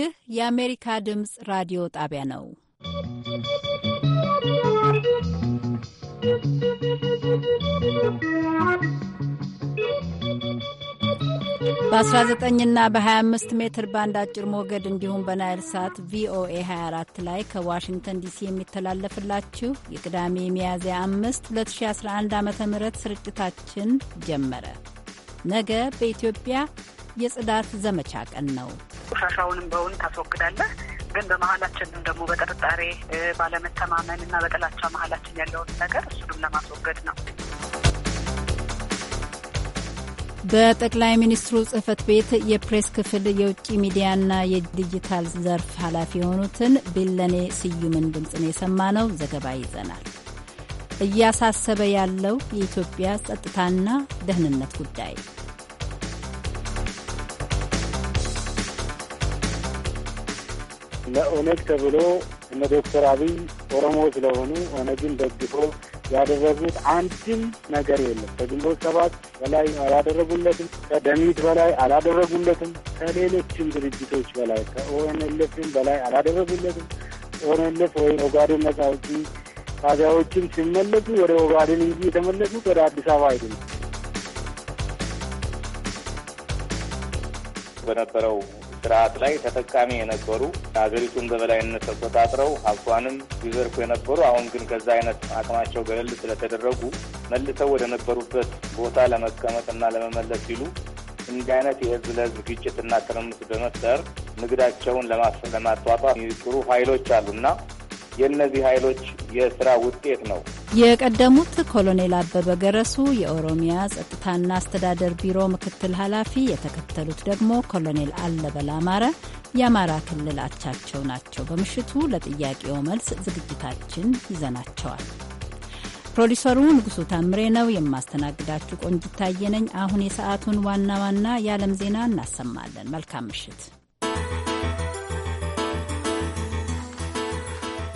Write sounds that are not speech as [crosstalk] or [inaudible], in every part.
ይህ የአሜሪካ ድምፅ ራዲዮ ጣቢያ ነው። በ19 ና በ25 ሜትር ባንድ አጭር ሞገድ እንዲሁም በናይል ሳት ቪኦኤ 24 ላይ ከዋሽንግተን ዲሲ የሚተላለፍላችሁ የቅዳሜ ሚያዝያ 5 2011 ዓ ም ስርጭታችን ጀመረ። ነገ በኢትዮጵያ የጽዳት ዘመቻ ቀን ነው። ቆሻሻውንም በውን ታስወግዳለህ። ግን በመሀላችንም ደግሞ በጥርጣሬ ባለመተማመን እና በጥላቻ መሀላችን ያለውን ነገር እሱንም ለማስወገድ ነው። በጠቅላይ ሚኒስትሩ ጽህፈት ቤት የፕሬስ ክፍል የውጭ ሚዲያና የዲጂታል ዘርፍ ኃላፊ የሆኑትን ቢለኔ ስዩምን ድምፅ ነው የሰማነው። ዘገባ ይዘናል። እያሳሰበ ያለው የኢትዮጵያ ጸጥታና ደህንነት ጉዳይ ለኦነግ ተብሎ እነ ዶክተር አብይ ኦሮሞ ስለሆኑ ኦነግን ደግፎ ያደረጉት አንድም ነገር የለም። ከግንቦት ሰባት በላይ አላደረጉለትም። ከደሚት በላይ አላደረጉለትም። ከሌሎችም ድርጅቶች በላይ ከኦኤንኤልኤፍም በላይ አላደረጉለትም። ኦንልፍ ወይም ኦጋዴን ነጻ አውጪ ታዲያዎችም ሲመለሱ ወደ ኦጋዴን እንጂ የተመለሱት ወደ አዲስ አበባ አይደለም። በነበረው ስርዓት ላይ ተጠቃሚ የነበሩ ሀገሪቱን በበላይነት ተቆጣጥረው ሀብቷንም ይዘርፉ የነበሩ አሁን ግን ከዛ አይነት አቅማቸው ገለል ስለተደረጉ መልሰው ወደ ነበሩበት ቦታ ለመቀመጥና ለመመለስ ሲሉ እንዲህ አይነት የህዝብ ለህዝብ ግጭትና ትርምስ በመፍጠር ንግዳቸውን ለማስፋፋት የሚጥሩ ኃይሎች አሉና የእነዚህ ኃይሎች የስራ ውጤት ነው የቀደሙት ኮሎኔል አበበ ገረሱ የኦሮሚያ ጸጥታና አስተዳደር ቢሮ ምክትል ኃላፊ፣ የተከተሉት ደግሞ ኮሎኔል አለበል አማረ የአማራ ክልል አቻቸው ናቸው። በምሽቱ ለጥያቄው መልስ ዝግጅታችን ይዘናቸዋል። ፕሮዲሰሩ ንጉሱ ታምሬ ነው። የማስተናግዳችሁ ቆንጅታየ ነኝ። አሁን የሰዓቱን ዋና ዋና የዓለም ዜና እናሰማለን። መልካም ምሽት።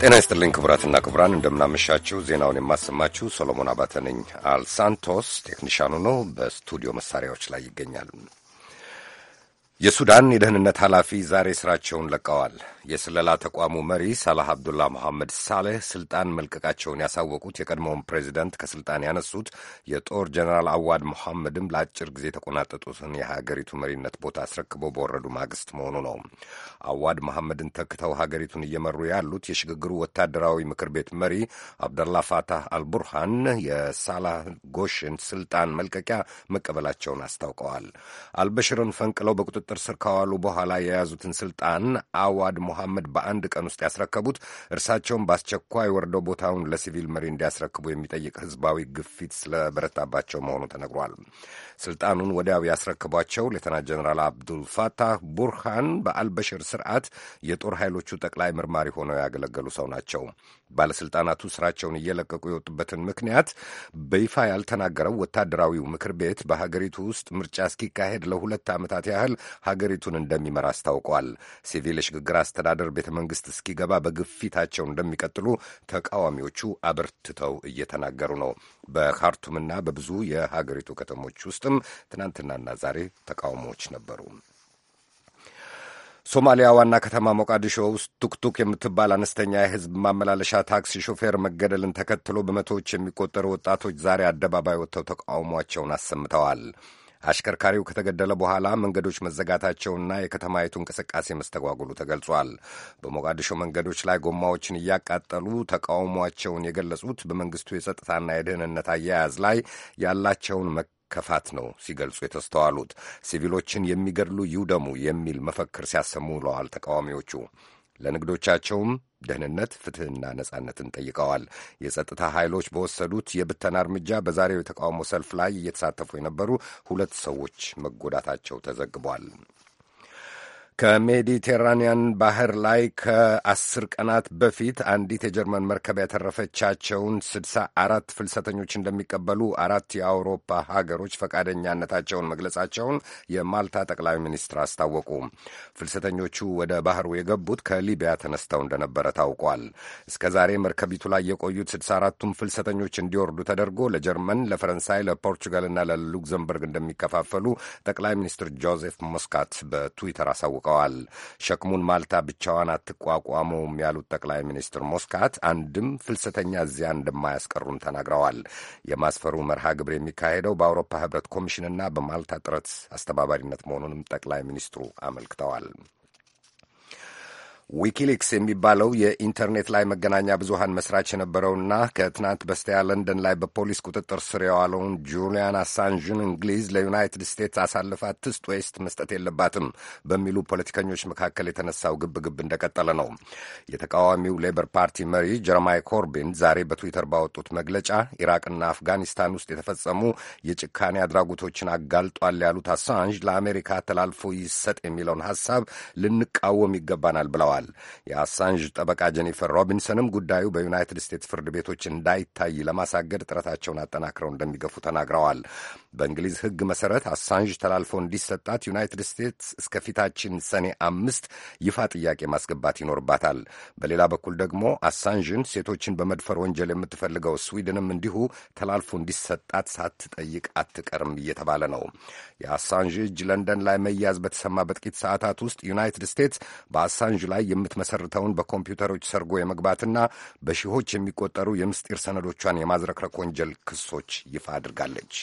ጤና ይስጥልኝ ክቡራትና ክቡራን፣ እንደምናመሻችሁ። ዜናውን የማሰማችሁ ሶሎሞን አባተ ነኝ። አልሳንቶስ ቴክኒሻኑ ነው፣ በስቱዲዮ መሳሪያዎች ላይ ይገኛል። የሱዳን የደህንነት ኃላፊ ዛሬ ስራቸውን ለቀዋል። የስለላ ተቋሙ መሪ ሳላህ አብዱላ መሐመድ ሳሌህ ስልጣን መልቀቃቸውን ያሳወቁት የቀድሞውን ፕሬዚደንት ከስልጣን ያነሱት የጦር ጀኔራል አዋድ መሐመድም ለአጭር ጊዜ የተቆናጠጡትን የሀገሪቱ መሪነት ቦታ አስረክበው በወረዱ ማግስት መሆኑ ነው። አዋድ መሐመድን ተክተው ሀገሪቱን እየመሩ ያሉት የሽግግሩ ወታደራዊ ምክር ቤት መሪ አብደላ ፋታህ አልቡርሃን የሳላህ ጎሽን ስልጣን መልቀቂያ መቀበላቸውን አስታውቀዋል። አልበሽርን ፈንቅለው በቁጥጥር ስር ከዋሉ በኋላ የያዙትን ስልጣን አዋድ ሞሐመድ በአንድ ቀን ውስጥ ያስረከቡት እርሳቸውን በአስቸኳይ ወርደው ቦታውን ለሲቪል መሪ እንዲያስረክቡ የሚጠይቅ ህዝባዊ ግፊት ስለበረታባቸው መሆኑ ተነግሯል። ስልጣኑን ወዲያው ያስረክቧቸው ሌተና ጀኔራል አብዱልፋታህ ቡርሃን በአልበሽር ስርዓት የጦር ኃይሎቹ ጠቅላይ ምርማሪ ሆነው ያገለገሉ ሰው ናቸው። ባለሥልጣናቱ ስራቸውን እየለቀቁ የወጡበትን ምክንያት በይፋ ያልተናገረው ወታደራዊው ምክር ቤት በሀገሪቱ ውስጥ ምርጫ እስኪካሄድ ለሁለት ዓመታት ያህል ሀገሪቱን እንደሚመራ አስታውቋል። ሲቪል የሽግግር አስተዳደር ቤተ መንግሥት እስኪገባ በግፊታቸው እንደሚቀጥሉ ተቃዋሚዎቹ አበርትተው እየተናገሩ ነው። በካርቱምና በብዙ የሀገሪቱ ከተሞች ውስጥ ውስጥም ትናንትናና ዛሬ ተቃውሞዎች ነበሩ። ሶማሊያ ዋና ከተማ ሞቃዲሾ ውስጥ ቱክቱክ የምትባል አነስተኛ የሕዝብ ማመላለሻ ታክሲ ሾፌር መገደልን ተከትሎ በመቶዎች የሚቆጠሩ ወጣቶች ዛሬ አደባባይ ወጥተው ተቃውሟቸውን አሰምተዋል። አሽከርካሪው ከተገደለ በኋላ መንገዶች መዘጋታቸውና የከተማይቱ እንቅስቃሴ መስተጓጉሉ ተገልጿል። በሞቃዲሾ መንገዶች ላይ ጎማዎችን እያቃጠሉ ተቃውሟቸውን የገለጹት በመንግስቱ የጸጥታና የደህንነት አያያዝ ላይ ያላቸውን መከፋት ነው ሲገልጹ የተስተዋሉት። ሲቪሎችን የሚገድሉ ይውደሙ የሚል መፈክር ሲያሰሙ ውለዋል። ተቃዋሚዎቹ ለንግዶቻቸውም ደህንነት፣ ፍትህና ነጻነትን ጠይቀዋል። የጸጥታ ኃይሎች በወሰዱት የብተና እርምጃ በዛሬው የተቃውሞ ሰልፍ ላይ እየተሳተፉ የነበሩ ሁለት ሰዎች መጎዳታቸው ተዘግቧል። ከሜዲቴራንያን ባህር ላይ ከአስር ቀናት በፊት አንዲት የጀርመን መርከብ ያተረፈቻቸውን ስድሳ አራት ፍልሰተኞች እንደሚቀበሉ አራት የአውሮፓ ሀገሮች ፈቃደኛነታቸውን መግለጻቸውን የማልታ ጠቅላይ ሚኒስትር አስታወቁ። ፍልሰተኞቹ ወደ ባህሩ የገቡት ከሊቢያ ተነስተው እንደነበረ ታውቋል። እስከ ዛሬ መርከቢቱ ላይ የቆዩት ስድሳ አራቱም ፍልሰተኞች እንዲወርዱ ተደርጎ ለጀርመን፣ ለፈረንሳይ፣ ለፖርቹጋልና ለሉክዘምበርግ እንደሚከፋፈሉ ጠቅላይ ሚኒስትር ጆዜፍ ሞስካት በትዊተር አሳወቁ። አስታውቀዋል። ሸክሙን ማልታ ብቻዋን አትቋቋመውም ያሉት ጠቅላይ ሚኒስትር ሞስካት አንድም ፍልሰተኛ እዚያ እንደማያስቀሩም ተናግረዋል። የማስፈሩ መርሃ ግብር የሚካሄደው በአውሮፓ ህብረት ኮሚሽንና በማልታ ጥረት አስተባባሪነት መሆኑንም ጠቅላይ ሚኒስትሩ አመልክተዋል። ዊኪሊክስ የሚባለው የኢንተርኔት ላይ መገናኛ ብዙሃን መስራች የነበረውና ከትናንት በስቲያ ለንደን ላይ በፖሊስ ቁጥጥር ስር የዋለውን ጁሊያን አሳንዥን እንግሊዝ ለዩናይትድ ስቴትስ አሳልፋ ትስጥ ወይስት መስጠት የለባትም በሚሉ ፖለቲከኞች መካከል የተነሳው ግብ ግብ እንደቀጠለ ነው። የተቃዋሚው ሌበር ፓርቲ መሪ ጀረማይ ኮርቢን ዛሬ በትዊተር ባወጡት መግለጫ ኢራቅና አፍጋኒስታን ውስጥ የተፈጸሙ የጭካኔ አድራጎቶችን አጋልጧል ያሉት አሳንዥ ለአሜሪካ ተላልፎ ይሰጥ የሚለውን ሀሳብ ልንቃወም ይገባናል ብለዋል። ይገኛል። የአሳንዥ ጠበቃ ጄኒፈር ሮቢንሰንም ጉዳዩ በዩናይትድ ስቴትስ ፍርድ ቤቶች እንዳይታይ ለማሳገድ ጥረታቸውን አጠናክረው እንደሚገፉ ተናግረዋል። በእንግሊዝ ሕግ መሰረት አሳንዥ ተላልፎ እንዲሰጣት ዩናይትድ ስቴትስ እስከፊታችን ሰኔ አምስት ይፋ ጥያቄ ማስገባት ይኖርባታል። በሌላ በኩል ደግሞ አሳንዥን ሴቶችን በመድፈር ወንጀል የምትፈልገው ስዊድንም እንዲሁ ተላልፎ እንዲሰጣት ሳትጠይቅ አትቀርም እየተባለ ነው። የአሳንዥ እጅ ለንደን ላይ መያዝ በተሰማ በጥቂት ሰዓታት ውስጥ ዩናይትድ ስቴትስ በአሳንዥ ላይ ላይ የምትመሰርተውን በኮምፒውተሮች ሰርጎ የመግባትና በሺዎች የሚቆጠሩ የምስጢር ሰነዶቿን የማዝረክረክ ወንጀል ክሶች ይፋ አድርጋለች።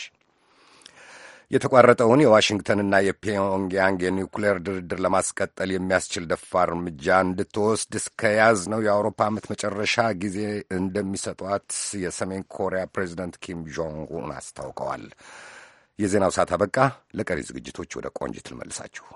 የተቋረጠውን የዋሽንግተንና የፒዮንግያንግ የኒውክሌር ድርድር ለማስቀጠል የሚያስችል ደፋር እርምጃ እንድትወስድ እስከያዝ ነው የአውሮፓ ዓመት መጨረሻ ጊዜ እንደሚሰጧት የሰሜን ኮሪያ ፕሬዚደንት ኪም ጆንግ ኡን አስታውቀዋል። የዜናው ሰዓት አበቃ። ለቀሪ ዝግጅቶች ወደ ቆንጅት ልመልሳችሁ።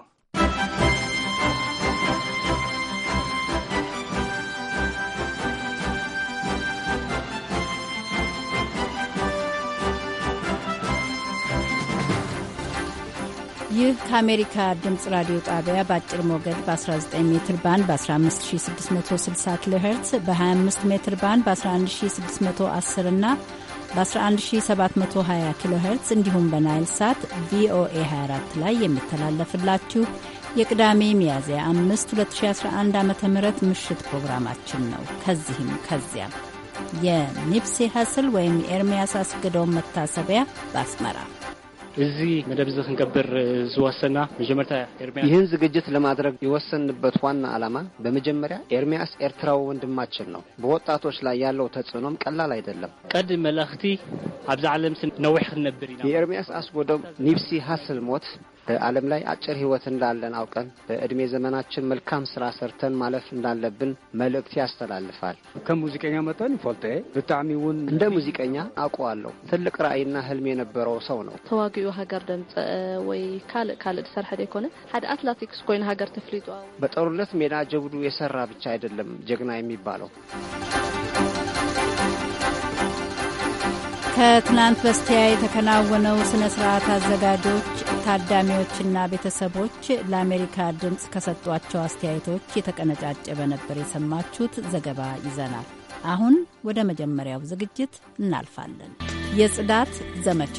ይህ ከአሜሪካ ድምፅ ራዲዮ ጣቢያ በአጭር ሞገድ በ19 ሜትር ባንድ በ15660 ኪሎ ሄርትስ በ25 ሜትር ባንድ በ11610 እና በ11720 ኪሎ ሄርትስ እንዲሁም በናይል ሳት ቪኦኤ 24 ላይ የሚተላለፍላችሁ የቅዳሜ ሚያዝያ 5 2011 ዓ ም ምሽት ፕሮግራማችን ነው። ከዚህም ከዚያም የኒፕሴ ሀስል ወይም የኤርሚያስ አስገደውን መታሰቢያ በአስመራ እዚ መደብ እዚ ክንገብር ዝወሰና መጀመርታ ኤርምያስ ይህን ዝግጅት ለማድረግ የወሰንበት ዋና ዓላማ በመጀመሪያ ኤርምያስ ኤርትራዊ ወንድማችን ነው። ብወጣቶች ላይ ያለው ተጽዕኖም ቀላል አይደለም። ቀድ መልእኽቲ ኣብዛ ዓለም ነዊሕ ክንነብር ኢና የኤርምያስ ኣስጎዶም ኒብሲ ሃስል ሞት በዓለም ላይ አጭር ህይወት እንዳለን አውቀን በዕድሜ ዘመናችን መልካም ስራ ሰርተን ማለፍ እንዳለብን መልእክት ያስተላልፋል። ከሙዚቀኛ መጠን ፎልተ ብጣዕሚ እውን እንደ ሙዚቀኛ አውቀዋለሁ። ትልቅ ራእይና ህልም የነበረው ሰው ነው። ተዋጊኡ ሃገር ደምፀ ወይ ካልእ ካልእ ዝሰርሐ ደይኮነ ሓደ አትላቲክስ ኮይኑ ሃገር ተፍሊጡ በጦርነት ሜዳ ጀብዱ የሰራ ብቻ አይደለም ጀግና የሚባለው። ከትናንት በስቲያ የተከናወነው ስነ ስርዓት አዘጋጆች፣ ታዳሚዎችና ቤተሰቦች ለአሜሪካ ድምፅ ከሰጧቸው አስተያየቶች የተቀነጫጨበ ነበር የሰማችሁት። ዘገባ ይዘናል። አሁን ወደ መጀመሪያው ዝግጅት እናልፋለን። የጽዳት ዘመቻ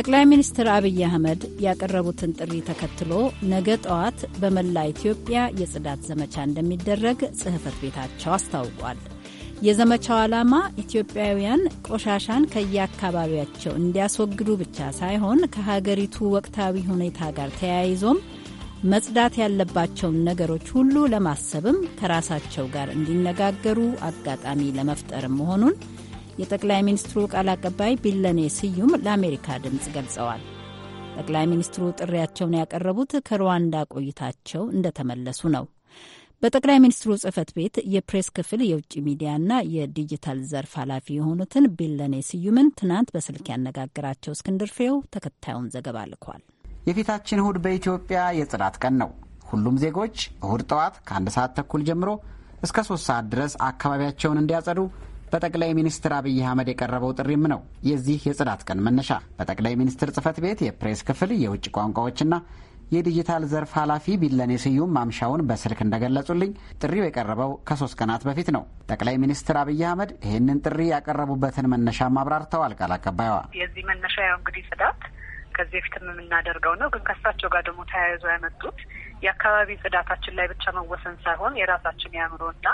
ጠቅላይ ሚኒስትር አብይ አህመድ ያቀረቡትን ጥሪ ተከትሎ ነገ ጠዋት በመላ ኢትዮጵያ የጽዳት ዘመቻ እንደሚደረግ ጽህፈት ቤታቸው አስታውቋል። የዘመቻው ዓላማ ኢትዮጵያውያን ቆሻሻን ከየአካባቢያቸው እንዲያስወግዱ ብቻ ሳይሆን ከሀገሪቱ ወቅታዊ ሁኔታ ጋር ተያይዞም መጽዳት ያለባቸውን ነገሮች ሁሉ ለማሰብም ከራሳቸው ጋር እንዲነጋገሩ አጋጣሚ ለመፍጠርም መሆኑን የጠቅላይ ሚኒስትሩ ቃል አቀባይ ቢለኔ ስዩም ለአሜሪካ ድምፅ ገልጸዋል። ጠቅላይ ሚኒስትሩ ጥሪያቸውን ያቀረቡት ከሩዋንዳ ቆይታቸው እንደተመለሱ ነው። በጠቅላይ ሚኒስትሩ ጽህፈት ቤት የፕሬስ ክፍል የውጭ ሚዲያና የዲጂታል ዘርፍ ኃላፊ የሆኑትን ቢለኔ ስዩምን ትናንት በስልክ ያነጋግራቸው እስክንድር ፍሬው ተከታዩን ዘገባ ልኳል። የፊታችን እሁድ በኢትዮጵያ የጽዳት ቀን ነው። ሁሉም ዜጎች እሁድ ጠዋት ከአንድ ሰዓት ተኩል ጀምሮ እስከ ሶስት ሰዓት ድረስ አካባቢያቸውን እንዲያጸዱ በጠቅላይ ሚኒስትር አብይ አህመድ የቀረበው ጥሪም ነው የዚህ የጽዳት ቀን መነሻ። በጠቅላይ ሚኒስትር ጽህፈት ቤት የፕሬስ ክፍል የውጭ ቋንቋዎችና የዲጂታል ዘርፍ ኃላፊ ቢለኔ ስዩም ማምሻውን በስልክ እንደገለጹልኝ ጥሪው የቀረበው ከሶስት ቀናት በፊት ነው። ጠቅላይ ሚኒስትር አብይ አህመድ ይህንን ጥሪ ያቀረቡበትን መነሻም አብራርተዋል። ቃል አቀባይዋ የዚህ መነሻ ያው እንግዲህ ጽዳት ከዚህ በፊትም የምናደርገው ነው፣ ግን ከሳቸው ጋር ደግሞ ተያይዞ ያመጡት የአካባቢ ጽዳታችን ላይ ብቻ መወሰን ሳይሆን የራሳችን የአእምሮና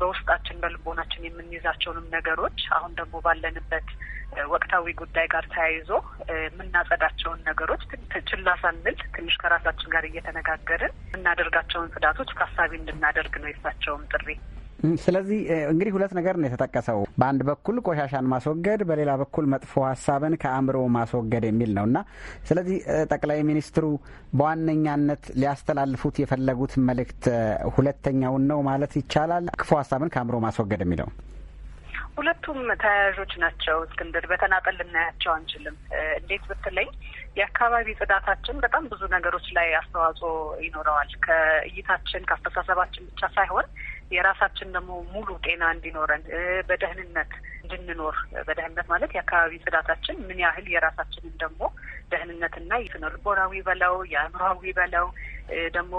በውስጣችን በልቦናችን የምንይዛቸውንም ነገሮች አሁን ደግሞ ባለንበት ወቅታዊ ጉዳይ ጋር ተያይዞ የምናጸዳቸውን ነገሮች ችላ ሳንል ትንሽ ከራሳችን ጋር እየተነጋገርን የምናደርጋቸውን ጽዳቶች ታሳቢ እንድናደርግ ነው የሳቸውም ጥሪ። ስለዚህ እንግዲህ ሁለት ነገር ነው የተጠቀሰው። በአንድ በኩል ቆሻሻን ማስወገድ፣ በሌላ በኩል መጥፎ ሀሳብን ከአእምሮ ማስወገድ የሚል ነው እና ስለዚህ ጠቅላይ ሚኒስትሩ በዋነኛነት ሊያስተላልፉት የፈለጉት መልእክት ሁለተኛውን ነው ማለት ይቻላል፣ ክፉ ሀሳብን ከአእምሮ ማስወገድ የሚለው። ሁለቱም ተያያዦች ናቸው እስክንድር፣ በተናጠል ልናያቸው አንችልም። እንዴት ብትለኝ የአካባቢ ጽዳታችን በጣም ብዙ ነገሮች ላይ አስተዋጽኦ ይኖረዋል። ከእይታችን ከአስተሳሰባችን ብቻ ሳይሆን የራሳችን ደግሞ ሙሉ ጤና እንዲኖረን በደህንነት እንድንኖር በደህንነት ማለት የአካባቢ ጽዳታችን ምን ያህል የራሳችንን ደግሞ ደህንነትና ስነ ልቦናዊ በለው የአእምሮዊ በለው ደግሞ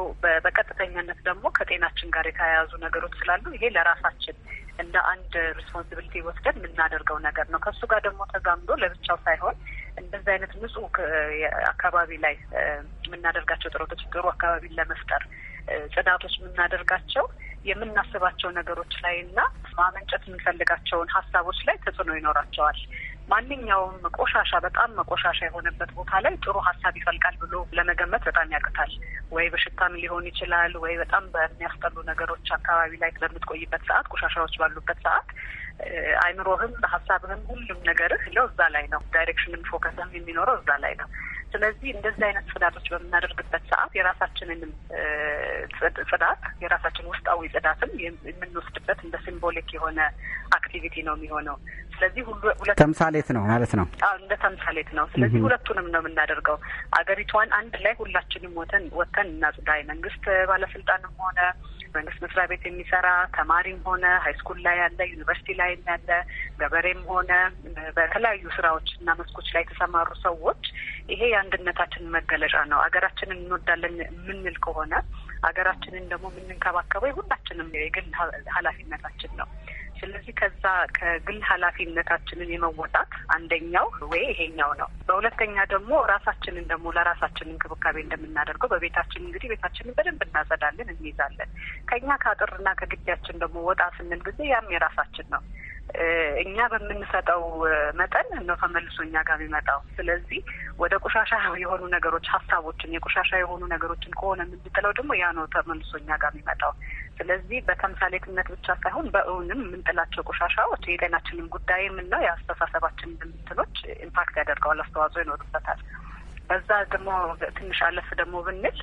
በቀጥተኛነት ደግሞ ከጤናችን ጋር የተያያዙ ነገሮች ስላሉ ይሄ ለራሳችን እንደ አንድ ሪስፖንሲቢሊቲ ወስደን የምናደርገው ነገር ነው። ከእሱ ጋር ደግሞ ተዛምዶ ለብቻው ሳይሆን እንደዚህ አይነት ንጹህ አካባቢ ላይ የምናደርጋቸው ጥረቶች ጥሩ አካባቢን ለመፍጠር ጽዳቶች የምናደርጋቸው የምናስባቸው ነገሮች ላይ እና ማመንጨት የምንፈልጋቸውን ሀሳቦች ላይ ተጽዕኖ ይኖራቸዋል። ማንኛውም ቆሻሻ በጣም መቆሻሻ የሆነበት ቦታ ላይ ጥሩ ሀሳብ ይፈልቃል ብሎ ለመገመት በጣም ያቅታል። ወይ በሽታም ሊሆን ይችላል፣ ወይ በጣም በሚያስጠሉ ነገሮች አካባቢ ላይ በምትቆይበት ሰዓት፣ ቆሻሻዎች ባሉበት ሰዓት አይምሮህም፣ ሀሳብህም፣ ሁሉም ነገርህ ለው እዛ ላይ ነው። ዳይሬክሽንም ፎከስም የሚኖረው እዛ ላይ ነው። ስለዚህ እንደዚህ አይነት ጽዳቶች በምናደርግበት ሰዓት የራሳችንንም ጽዳት የራሳችን ውስጣዊ ጽዳትም የምንወስድበት እንደ ሲምቦሊክ የሆነ አክቲቪቲ ነው የሚሆነው። ስለዚህ ሁሉ ተምሳሌት ነው ማለት ነው። እንደ ተምሳሌት ነው። ስለዚህ ሁለቱንም ነው የምናደርገው። አገሪቷን አንድ ላይ ሁላችንም ወተን ወተን እናጽዳ። የመንግስት ባለስልጣንም ሆነ መንግስት መስሪያ ቤት የሚሰራ ተማሪም ሆነ ሀይስኩል ላይ ያለ ዩኒቨርሲቲ ላይ ያለ ገበሬም ሆነ በተለያዩ ስራዎች እና መስኮች ላይ የተሰማሩ ሰዎች ይሄ የአንድነታችንን መገለጫ ነው። ሀገራችንን እንወዳለን የምንል ከሆነ ሀገራችንን ደግሞ የምንንከባከበው የሁላችንም የግል ኃላፊነታችን ነው። ስለዚህ ከዛ ከግል ኃላፊነታችንን የመወጣት አንደኛው ወይ ይሄኛው ነው። በሁለተኛ ደግሞ ራሳችንን ደግሞ ለራሳችን እንክብካቤ እንደምናደርገው በቤታችን እንግዲህ ቤታችንን በደንብ እናጸዳለን፣ እንይዛለን። ከእኛ ከአጥርና ከግቢያችን ደግሞ ወጣ ስንል ጊዜ ያም የራሳችን ነው። እኛ በምንሰጠው መጠን ነው ተመልሶ እኛ ጋር የሚመጣው። ስለዚህ ወደ ቆሻሻ የሆኑ ነገሮች ሀሳቦችን የቆሻሻ የሆኑ ነገሮችን ከሆነ የምንጥለው ደግሞ ያ ነው ተመልሶ እኛ ጋር የሚመጣው። ስለዚህ በተምሳሌትነት ብቻ ሳይሆን በእውንም የምንጥላቸው ቆሻሻዎች የጤናችንን ጉዳይም እና የአስተሳሰባችን ምትሎች ኢምፓክት ያደርገዋል፣ አስተዋጽኦ ይኖርበታል። በዛ ደግሞ ትንሽ አለፍ ደግሞ ብንል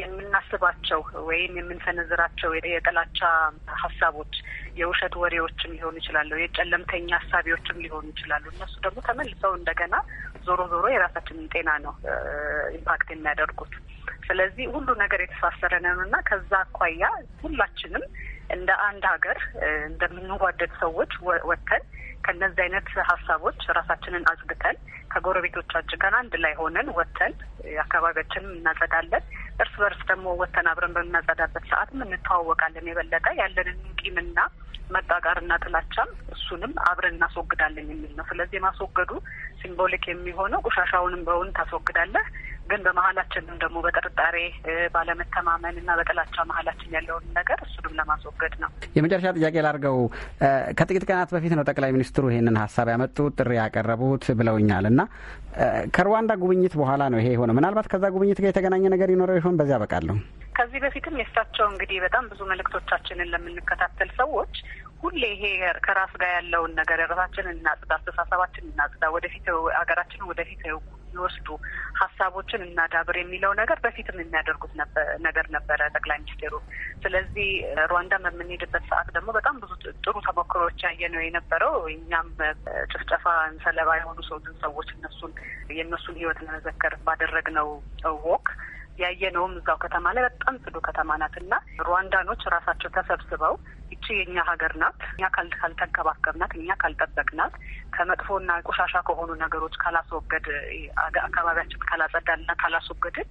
የምናስባቸው ወይም የምንሰነዝራቸው የጥላቻ ሀሳቦች፣ የውሸት ወሬዎችም ሊሆኑ ይችላሉ፣ የጨለምተኛ ሀሳቢዎችም ሊሆኑ ይችላሉ። እነሱ ደግሞ ተመልሰው እንደገና ዞሮ ዞሮ የራሳችንን ጤና ነው ኢምፓክት የሚያደርጉት። ስለዚህ ሁሉ ነገር የተሳሰረ ነው እና ከዛ አኳያ ሁላችንም እንደ አንድ ሀገር እንደምንዋደድ ሰዎች ወጥተን ከነዚህ አይነት ሀሳቦች ራሳችንን አጽድተን ከጎረቤቶቻችን ጋር አንድ ላይ ሆነን ወጥተን አካባቢያችንም እናጸዳለን። እርስ በርስ ደግሞ ወጥተን አብረን በምናጸዳበት ሰዓትም እንተዋወቃለን። የበለጠ ያለንን ቂምና መጣቃርና ጥላቻም እሱንም አብረን እናስወግዳለን የሚል ነው። ስለዚህ የማስወገዱ ሲምቦሊክ የሚሆነው ቆሻሻውንም በውን ታስወግዳለህ ግን በመሀላችንም ደግሞ በጥርጣሬ ባለመተማመን እና በጥላቻ መሀላችን ያለውን ነገር እሱንም ለማስወገድ ነው። የመጨረሻ ጥያቄ ላድርገው። ከጥቂት ቀናት በፊት ነው ጠቅላይ ሚኒስትሩ ይህንን ሀሳብ ያመጡት ጥሪ ያቀረቡት ብለውኛል እና ከሩዋንዳ ጉብኝት በኋላ ነው ይሄ የሆነው። ምናልባት ከዛ ጉብኝት ጋር የተገናኘ ነገር ይኖረው ይሆን? በዚያ በቃለሁ። ከዚህ በፊትም የእሳቸው እንግዲህ በጣም ብዙ መልእክቶቻችንን ለምንከታተል ሰዎች ሁሌ ይሄ ከራስ ጋር ያለውን ነገር ራሳችንን እናጽዳ፣ አስተሳሰባችን እናጽዳ፣ ወደፊት ሀገራችን ወደፊት የሚወስዱ ሀሳቦችን እናዳብር የሚለው ነገር በፊትም የሚያደርጉት ነገር ነበረ ጠቅላይ ሚኒስትሩ። ስለዚህ ሩዋንዳ በምንሄድበት ሰዓት ደግሞ በጣም ብዙ ጥሩ ተሞክሮዎች ያየ ነው የነበረው። እኛም ጭፍጨፋ ሰለባ የሆኑ ሰዎች እነሱን የእነሱን ህይወት ለመዘከር ባደረግነው ወክ ያየነውም እዛው ከተማ ላይ በጣም ጽዱ ከተማ ናት እና ሩዋንዳኖች ራሳቸው ተሰብስበው ይቺ የእኛ ሀገር ናት፣ እኛ ካልተንከባከብናት፣ እኛ ካልጠበቅናት፣ ከመጥፎና ቆሻሻ ከሆኑ ነገሮች ካላስወገድ አካባቢያችን ካላጸዳንና ካላስወገድን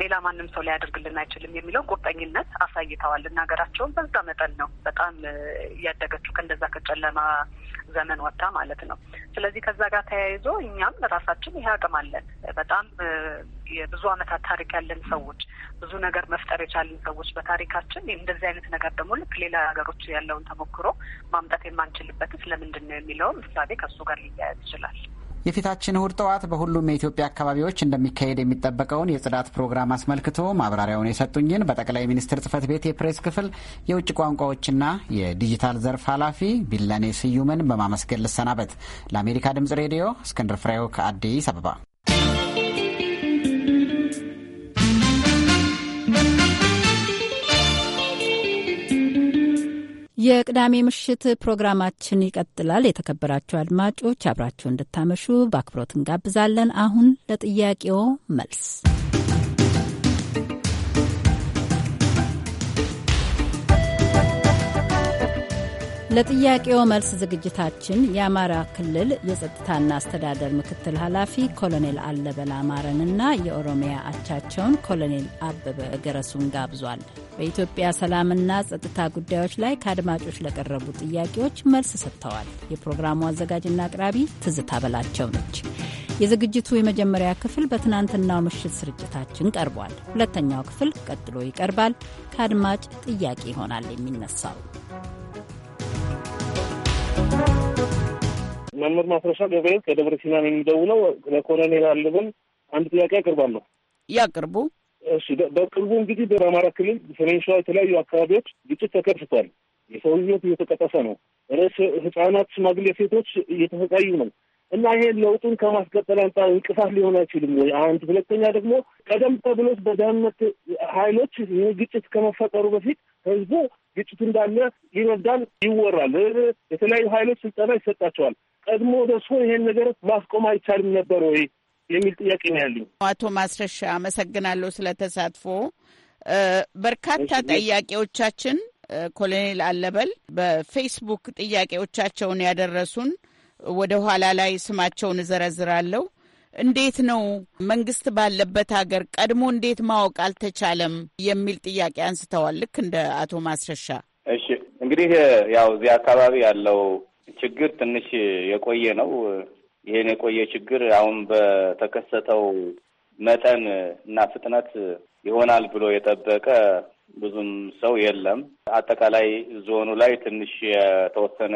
ሌላ ማንም ሰው ሊያደርግልን አይችልም የሚለው ቁርጠኝነት አሳይተዋል እና ሀገራቸውን በዛ መጠን ነው በጣም እያደገችው ከእንደዛ ከጨለማ ዘመን ወጥታ ማለት ነው። ስለዚህ ከዛ ጋር ተያይዞ እኛም ራሳችን ይሄ አቅም አለን። በጣም የብዙ ዓመታት ታሪክ ያለን ሰዎች፣ ብዙ ነገር መፍጠር የቻለን ሰዎች በታሪካችን እንደዚህ አይነት ነገር ደግሞ ልክ ሌላ ሀገሮች ያለውን ተሞክሮ ማምጣት የማንችልበት ስለምንድን ነው የሚለውም ምሳሌ ከሱ ጋር ሊያያዝ ይችላል። የፊታችን እሁድ ጠዋት በሁሉም የኢትዮጵያ አካባቢዎች እንደሚካሄድ የሚጠበቀውን የጽዳት ፕሮግራም አስመልክቶ ማብራሪያውን የሰጡኝን በጠቅላይ ሚኒስትር ጽህፈት ቤት የፕሬስ ክፍል የውጭ ቋንቋዎችና የዲጂታል ዘርፍ ኃላፊ ቢለኔ ስዩምን በማመስገን ልሰናበት። ለአሜሪካ ድምጽ ሬዲዮ እስክንድር ፍሬው ከአዲስ አበባ የቅዳሜ ምሽት ፕሮግራማችን ይቀጥላል። የተከበራችሁ አድማጮች አብራችሁ እንድታመሹ በአክብሮት እንጋብዛለን። አሁን ለጥያቄው መልስ ለጥያቄው መልስ ዝግጅታችን የአማራ ክልል የጸጥታና አስተዳደር ምክትል ኃላፊ ኮሎኔል አለበል አማረንና የኦሮሚያ አቻቸውን ኮሎኔል አበበ እገረሱን ጋብዟል። በኢትዮጵያ ሰላምና ጸጥታ ጉዳዮች ላይ ከአድማጮች ለቀረቡ ጥያቄዎች መልስ ሰጥተዋል። የፕሮግራሙ አዘጋጅና አቅራቢ ትዝታ በላቸው ነች። የዝግጅቱ የመጀመሪያ ክፍል በትናንትናው ምሽት ስርጭታችን ቀርቧል። ሁለተኛው ክፍል ቀጥሎ ይቀርባል። ከአድማጭ ጥያቄ ይሆናል የሚነሳው መምህር ማስረሻ ገበኤል ከደብረ ሲናን የሚደውለው ለኮሎኔል አለብን አንድ ጥያቄ አቅርባለሁ። ያቅርቡ። እሺ፣ በቅርቡ እንግዲህ በአማራ ክልል ሰሜን ሸዋ የተለያዩ አካባቢዎች ግጭት ተከስቷል። የሰው ህይወት እየተቀጠፈ ነው። ርዕስ ህጻናት፣ ሽማግሌ፣ ሴቶች እየተሰቃዩ ነው እና ይሄን ለውጡን ከማስቀጠል አንጻር እንቅፋት ሊሆን አይችልም ወይ? አንድ ሁለተኛ ደግሞ ቀደም ተብሎት በደህንነት ኃይሎች ይህ ግጭት ከመፈጠሩ በፊት ህዝቡ ግጭቱ እንዳለ ይረዳል፣ ይወራል። የተለያዩ ኃይሎች ስልጠና ይሰጣቸዋል። ቀድሞ ደርሶ ይሄን ነገር ማስቆም አይቻልም ነበር ወይ የሚል ጥያቄ ነው ያለኝ። አቶ ማስረሻ አመሰግናለሁ ስለ ተሳትፎ። በርካታ ጥያቄዎቻችን ኮሎኔል አለበል በፌስቡክ ጥያቄዎቻቸውን ያደረሱን ወደ ኋላ ላይ ስማቸውን እዘረዝራለሁ። እንዴት ነው መንግስት ባለበት ሀገር ቀድሞ እንዴት ማወቅ አልተቻለም የሚል ጥያቄ አንስተዋል። ልክ እንደ አቶ ማስረሻ። እሺ እንግዲህ ያው እዚህ አካባቢ ያለው ችግር ትንሽ የቆየ ነው። ይህን የቆየ ችግር አሁን በተከሰተው መጠን እና ፍጥነት ይሆናል ብሎ የጠበቀ ብዙም ሰው የለም። አጠቃላይ ዞኑ ላይ ትንሽ የተወሰነ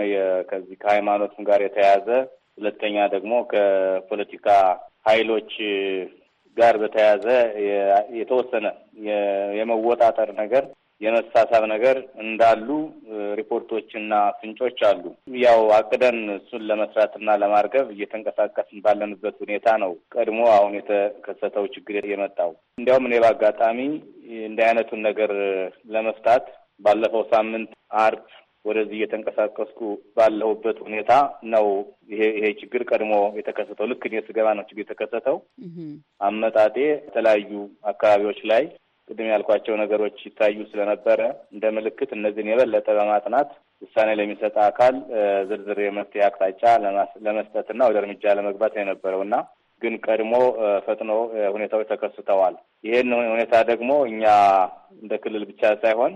ከዚህ ከሃይማኖትም ጋር የተያያዘ ሁለተኛ ደግሞ ከፖለቲካ ኃይሎች ጋር በተያያዘ የተወሰነ የመወጣጠር ነገር የመሳሳብ ነገር እንዳሉ ሪፖርቶችና ፍንጮች አሉ። ያው አቅደን እሱን ለመስራትና ለማርገብ እየተንቀሳቀስን ባለንበት ሁኔታ ነው ቀድሞ አሁን የተከሰተው ችግር የመጣው። እንዲያውም እኔ በአጋጣሚ እንዲህ አይነቱን ነገር ለመፍታት ባለፈው ሳምንት አርብ ወደዚህ እየተንቀሳቀስኩ ባለሁበት ሁኔታ ነው ይሄ ችግር ቀድሞ የተከሰተው። ልክ እኔ ስገባ ነው ችግር የተከሰተው። አመጣጤ የተለያዩ አካባቢዎች ላይ ቅድም ያልኳቸው ነገሮች ይታዩ ስለነበረ እንደ ምልክት እነዚህን የበለጠ በማጥናት ውሳኔ ለሚሰጥ አካል ዝርዝር የመፍትሄ አቅጣጫ ለመስጠትና ወደ እርምጃ ለመግባት የነበረው እና ግን ቀድሞ ፈጥኖ ሁኔታዎች ተከስተዋል። ይህን ሁኔታ ደግሞ እኛ እንደ ክልል ብቻ ሳይሆን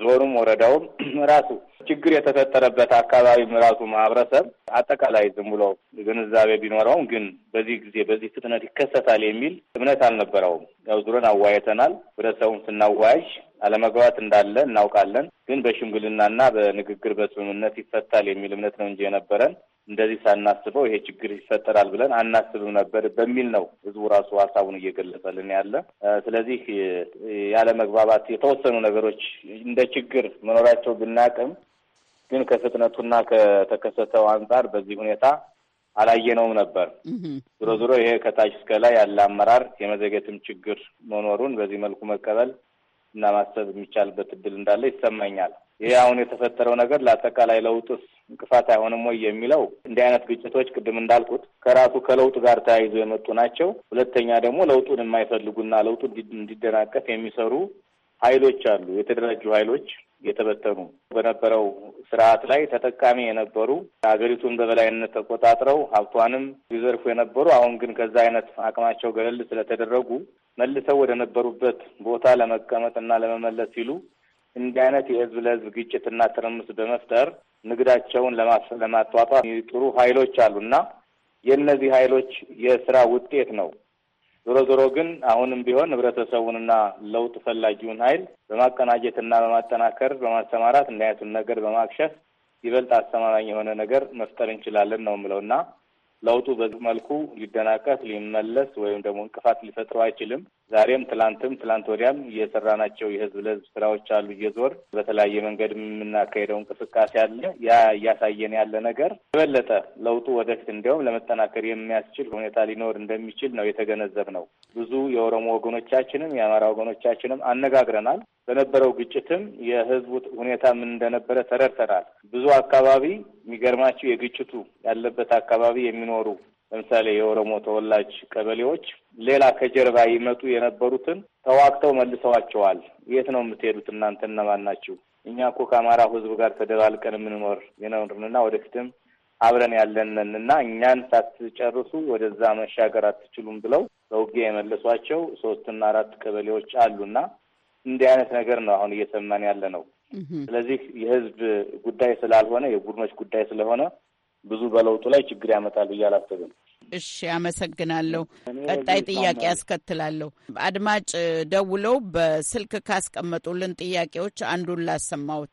ዞኑም ወረዳውም [clears throat] ራሱ ችግር የተፈጠረበት አካባቢ ራሱ ማህበረሰብ አጠቃላይ ዝም ብሎ ግንዛቤ ቢኖረውም ግን በዚህ ጊዜ በዚህ ፍጥነት ይከሰታል የሚል እምነት አልነበረውም። ያው ዙረን አወያይተናል። ህብረተሰቡን ስናዋያዥ አለመግባት እንዳለ እናውቃለን። ግን በሽምግልናና በንግግር በስምምነት ይፈታል የሚል እምነት ነው እንጂ የነበረን እንደዚህ ሳናስበው ይሄ ችግር ይፈጠራል ብለን አናስብም ነበር በሚል ነው ህዝቡ ራሱ ሀሳቡን እየገለጸልን ያለ። ስለዚህ ያለ መግባባት የተወሰኑ ነገሮች እንደ ችግር መኖራቸው ብናቅም ግን ከፍጥነቱና ከተከሰተው አንጻር በዚህ ሁኔታ አላየነውም ነበር። ዞሮ ዞሮ ይሄ ከታች እስከ ላይ ያለ አመራር የመዘገትም ችግር መኖሩን በዚህ መልኩ መቀበል እና ማሰብ የሚቻልበት እድል እንዳለ ይሰማኛል። ይህ አሁን የተፈጠረው ነገር ለአጠቃላይ ለውጥስ እንቅፋት አይሆንም ወይ የሚለው እንዲህ አይነት ግጭቶች ቅድም እንዳልኩት ከራሱ ከለውጥ ጋር ተያይዞ የመጡ ናቸው። ሁለተኛ ደግሞ ለውጡን የማይፈልጉና ለውጡ እንዲደናቀፍ የሚሰሩ ኃይሎች አሉ። የተደራጁ ኃይሎች የተበተኑ በነበረው ስርዓት ላይ ተጠቃሚ የነበሩ ሀገሪቱን በበላይነት ተቆጣጥረው ሀብቷንም ሊዘርፉ የነበሩ አሁን ግን ከዛ አይነት አቅማቸው ገለል ስለተደረጉ መልሰው ወደ ነበሩበት ቦታ ለመቀመጥ እና ለመመለስ ሲሉ እንዲህ አይነት የህዝብ ለህዝብ ግጭትና ትርምስ በመፍጠር ንግዳቸውን ለማጧጧፍ የሚጥሩ ሀይሎች አሉና የእነዚህ ሀይሎች የስራ ውጤት ነው። ዞሮ ዞሮ ግን አሁንም ቢሆን ህብረተሰቡንና ለውጥ ፈላጊውን ሀይል በማቀናጀትና በማጠናከር በማሰማራት እንዲህ አይነቱን ነገር በማክሸፍ ይበልጥ አስተማማኝ የሆነ ነገር መፍጠር እንችላለን ነው እና ለውጡ በዚህ መልኩ ሊደናቀፍ ሊመለስ ወይም ደግሞ እንቅፋት ሊፈጥረው አይችልም። ዛሬም ትላንትም ትላንት ወዲያም ናቸው የህዝብ ለህዝብ ስራዎች አሉ። እየዞር በተለያየ መንገድ የምናካሄደው እንቅስቃሴ አለ። ያ እያሳየን ያለ ነገር የበለጠ ለውጡ ወደፊት እንዲያውም ለመጠናከር የሚያስችል ሁኔታ ሊኖር እንደሚችል ነው የተገነዘብ ነው። ብዙ የኦሮሞ ወገኖቻችንም የአማራ ወገኖቻችንም አነጋግረናል። በነበረው ግጭትም የህዝቡ ሁኔታ ምን እንደነበረ ተረድተናል። ብዙ አካባቢ የሚገርማቸው የግጭቱ ያለበት አካባቢ የሚኖሩ ለምሳሌ የኦሮሞ ተወላጅ ቀበሌዎች ሌላ ከጀርባ ይመጡ የነበሩትን ተዋግተው መልሰዋቸዋል። የት ነው የምትሄዱት? እናንተ እነማን ናችሁ? እኛ እኮ ከአማራ ህዝብ ጋር ተደባልቀን የምንኖር የነርንና ወደፊትም አብረን ያለንን እና እኛን ሳትጨርሱ ወደዛ መሻገር አትችሉም ብለው በውጊያ የመለሷቸው ሶስትና አራት ቀበሌዎች አሉና እንዲህ አይነት ነገር ነው አሁን እየሰማን ያለ ነው። ስለዚህ የህዝብ ጉዳይ ስላልሆነ የቡድኖች ጉዳይ ስለሆነ ብዙ በለውጡ ላይ ችግር ያመጣል ብዬ አላስብም። እሺ፣ አመሰግናለሁ። ቀጣይ ጥያቄ ያስከትላለሁ። አድማጭ ደውለው በስልክ ካስቀመጡልን ጥያቄዎች አንዱን ላሰማሁት።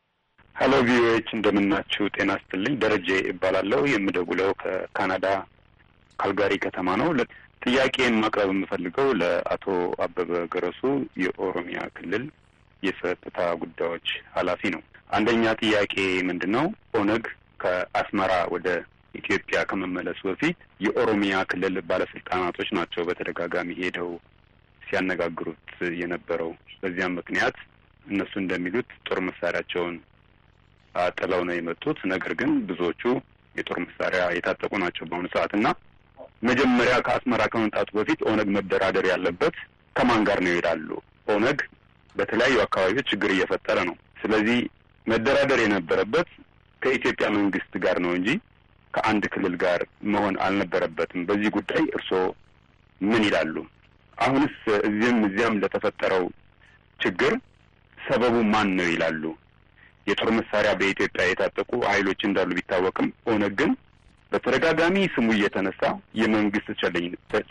ሀሎ ቪኦኤዎች፣ እንደምናችሁ ጤና ስትልኝ። ደረጀ ይባላለሁ። የምደውለው ከካናዳ ካልጋሪ ከተማ ነው። ጥያቄን ማቅረብ የምፈልገው ለአቶ አበበ ገረሱ የኦሮሚያ ክልል የጸጥታ ጉዳዮች ኃላፊ ነው። አንደኛ ጥያቄ ምንድን ነው? ኦነግ ከአስመራ ወደ ኢትዮጵያ ከመመለሱ በፊት የኦሮሚያ ክልል ባለስልጣናቶች ናቸው በተደጋጋሚ ሄደው ሲያነጋግሩት የነበረው። በዚያም ምክንያት እነሱ እንደሚሉት ጦር መሳሪያቸውን ጥለው ነው የመጡት። ነገር ግን ብዙዎቹ የጦር መሳሪያ የታጠቁ ናቸው በአሁኑ ሰዓት እና መጀመሪያ ከአስመራ ከመምጣቱ በፊት ኦነግ መደራደር ያለበት ከማን ጋር ነው ይሄዳሉ? ኦነግ በተለያዩ አካባቢዎች ችግር እየፈጠረ ነው። ስለዚህ መደራደር የነበረበት ከኢትዮጵያ መንግስት ጋር ነው እንጂ ከአንድ ክልል ጋር መሆን አልነበረበትም። በዚህ ጉዳይ እርስዎ ምን ይላሉ? አሁንስ እዚህም እዚያም ለተፈጠረው ችግር ሰበቡ ማን ነው ይላሉ? የጦር መሳሪያ በኢትዮጵያ የታጠቁ ኃይሎች እንዳሉ ቢታወቅም ኦነግ ግን በተደጋጋሚ ስሙ እየተነሳ የመንግስት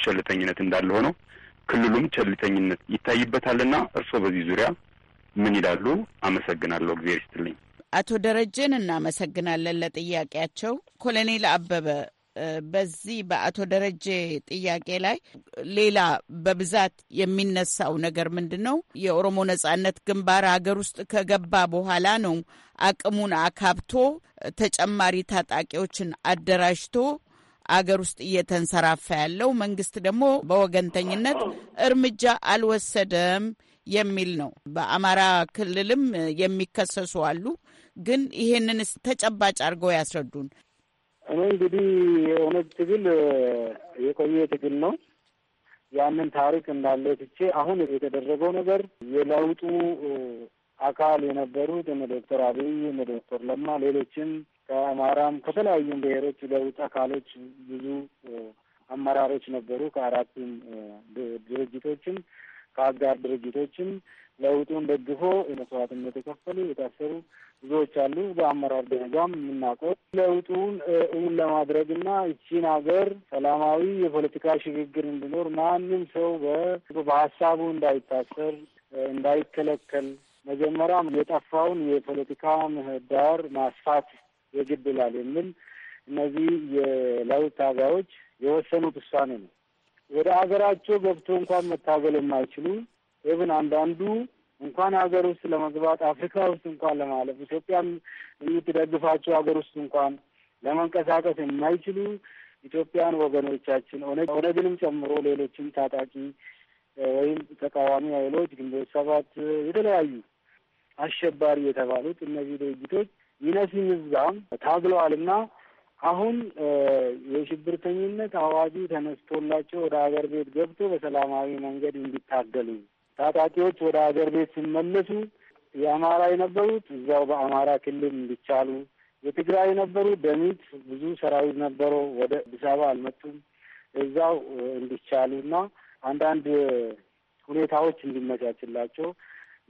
ቸልተኝነት እንዳለ ሆነው ክልሉም ቸልተኝነት ይታይበታልና እርስዎ በዚህ ዙሪያ ምን ይላሉ? አመሰግናለሁ። እግዜር ይስጥልኝ። አቶ ደረጀን እናመሰግናለን ለጥያቄያቸው። ኮሎኔል አበበ በዚህ በአቶ ደረጀ ጥያቄ ላይ ሌላ በብዛት የሚነሳው ነገር ምንድን ነው? የኦሮሞ ነጻነት ግንባር ሀገር ውስጥ ከገባ በኋላ ነው አቅሙን አካብቶ ተጨማሪ ታጣቂዎችን አደራጅቶ አገር ውስጥ እየተንሰራፋ ያለው መንግስት ደግሞ በወገንተኝነት እርምጃ አልወሰደም የሚል ነው። በአማራ ክልልም የሚከሰሱ አሉ። ግን ይህንን ተጨባጭ አድርገው ያስረዱን። እኔ እንግዲህ የኦነግ ትግል የቆየ ትግል ነው። ያንን ታሪክ እንዳለ ትቼ አሁን የተደረገው ነገር የለውጡ አካል የነበሩት እነ ዶክተር አብይ እነ ዶክተር ለማ ሌሎችም ከአማራም ከተለያዩ ብሔሮች ለውጥ አካሎች ብዙ አመራሮች ነበሩ። ከአራቱም ድርጅቶችም ከአጋር ድርጅቶችም ለውጡን ደግፎ መስዋዕትነት የከፈሉ የታሰሩ ብዙዎች አሉ። በአመራር ደረጃም የምናውቀው ለውጡን እውን ለማድረግ እና ይቺን ሀገር ሰላማዊ የፖለቲካ ሽግግር እንዲኖር ማንም ሰው በሀሳቡ እንዳይታሰር እንዳይከለከል መጀመሪያም የጠፋውን የፖለቲካ ምህዳር ማስፋት የግድ ይላል የሚል እነዚህ የለውጥ ታጋዮች የወሰኑት ውሳኔ ነው። ወደ ሀገራቸው ገብቶ እንኳን መታገል የማይችሉ ኢቭን አንዳንዱ እንኳን ሀገር ውስጥ ለመግባት አፍሪካ ውስጥ እንኳን ለማለፍ ኢትዮጵያም የምትደግፋቸው ሀገር ውስጥ እንኳን ለመንቀሳቀስ የማይችሉ ኢትዮጵያን ወገኖቻችን ኦነግንም ጨምሮ ሌሎችም ታጣቂ ወይም ተቃዋሚ ኃይሎች ግንቦት ሰባት የተለያዩ አሸባሪ የተባሉት እነዚህ ድርጅቶች ይነሲም እዛም ታግለዋልና አሁን የሽብርተኝነት አዋጁ ተነስቶላቸው ወደ ሀገር ቤት ገብቶ በሰላማዊ መንገድ እንዲታገሉ ታጣቂዎች ወደ ሀገር ቤት ሲመለሱ የአማራ የነበሩት እዚያው በአማራ ክልል እንዲቻሉ፣ የትግራይ የነበሩት ደሚት ብዙ ሰራዊት ነበረው ወደ አዲስ አበባ አልመጡም፣ እዛው እንዲቻሉ እና አንዳንድ ሁኔታዎች እንዲመቻችላቸው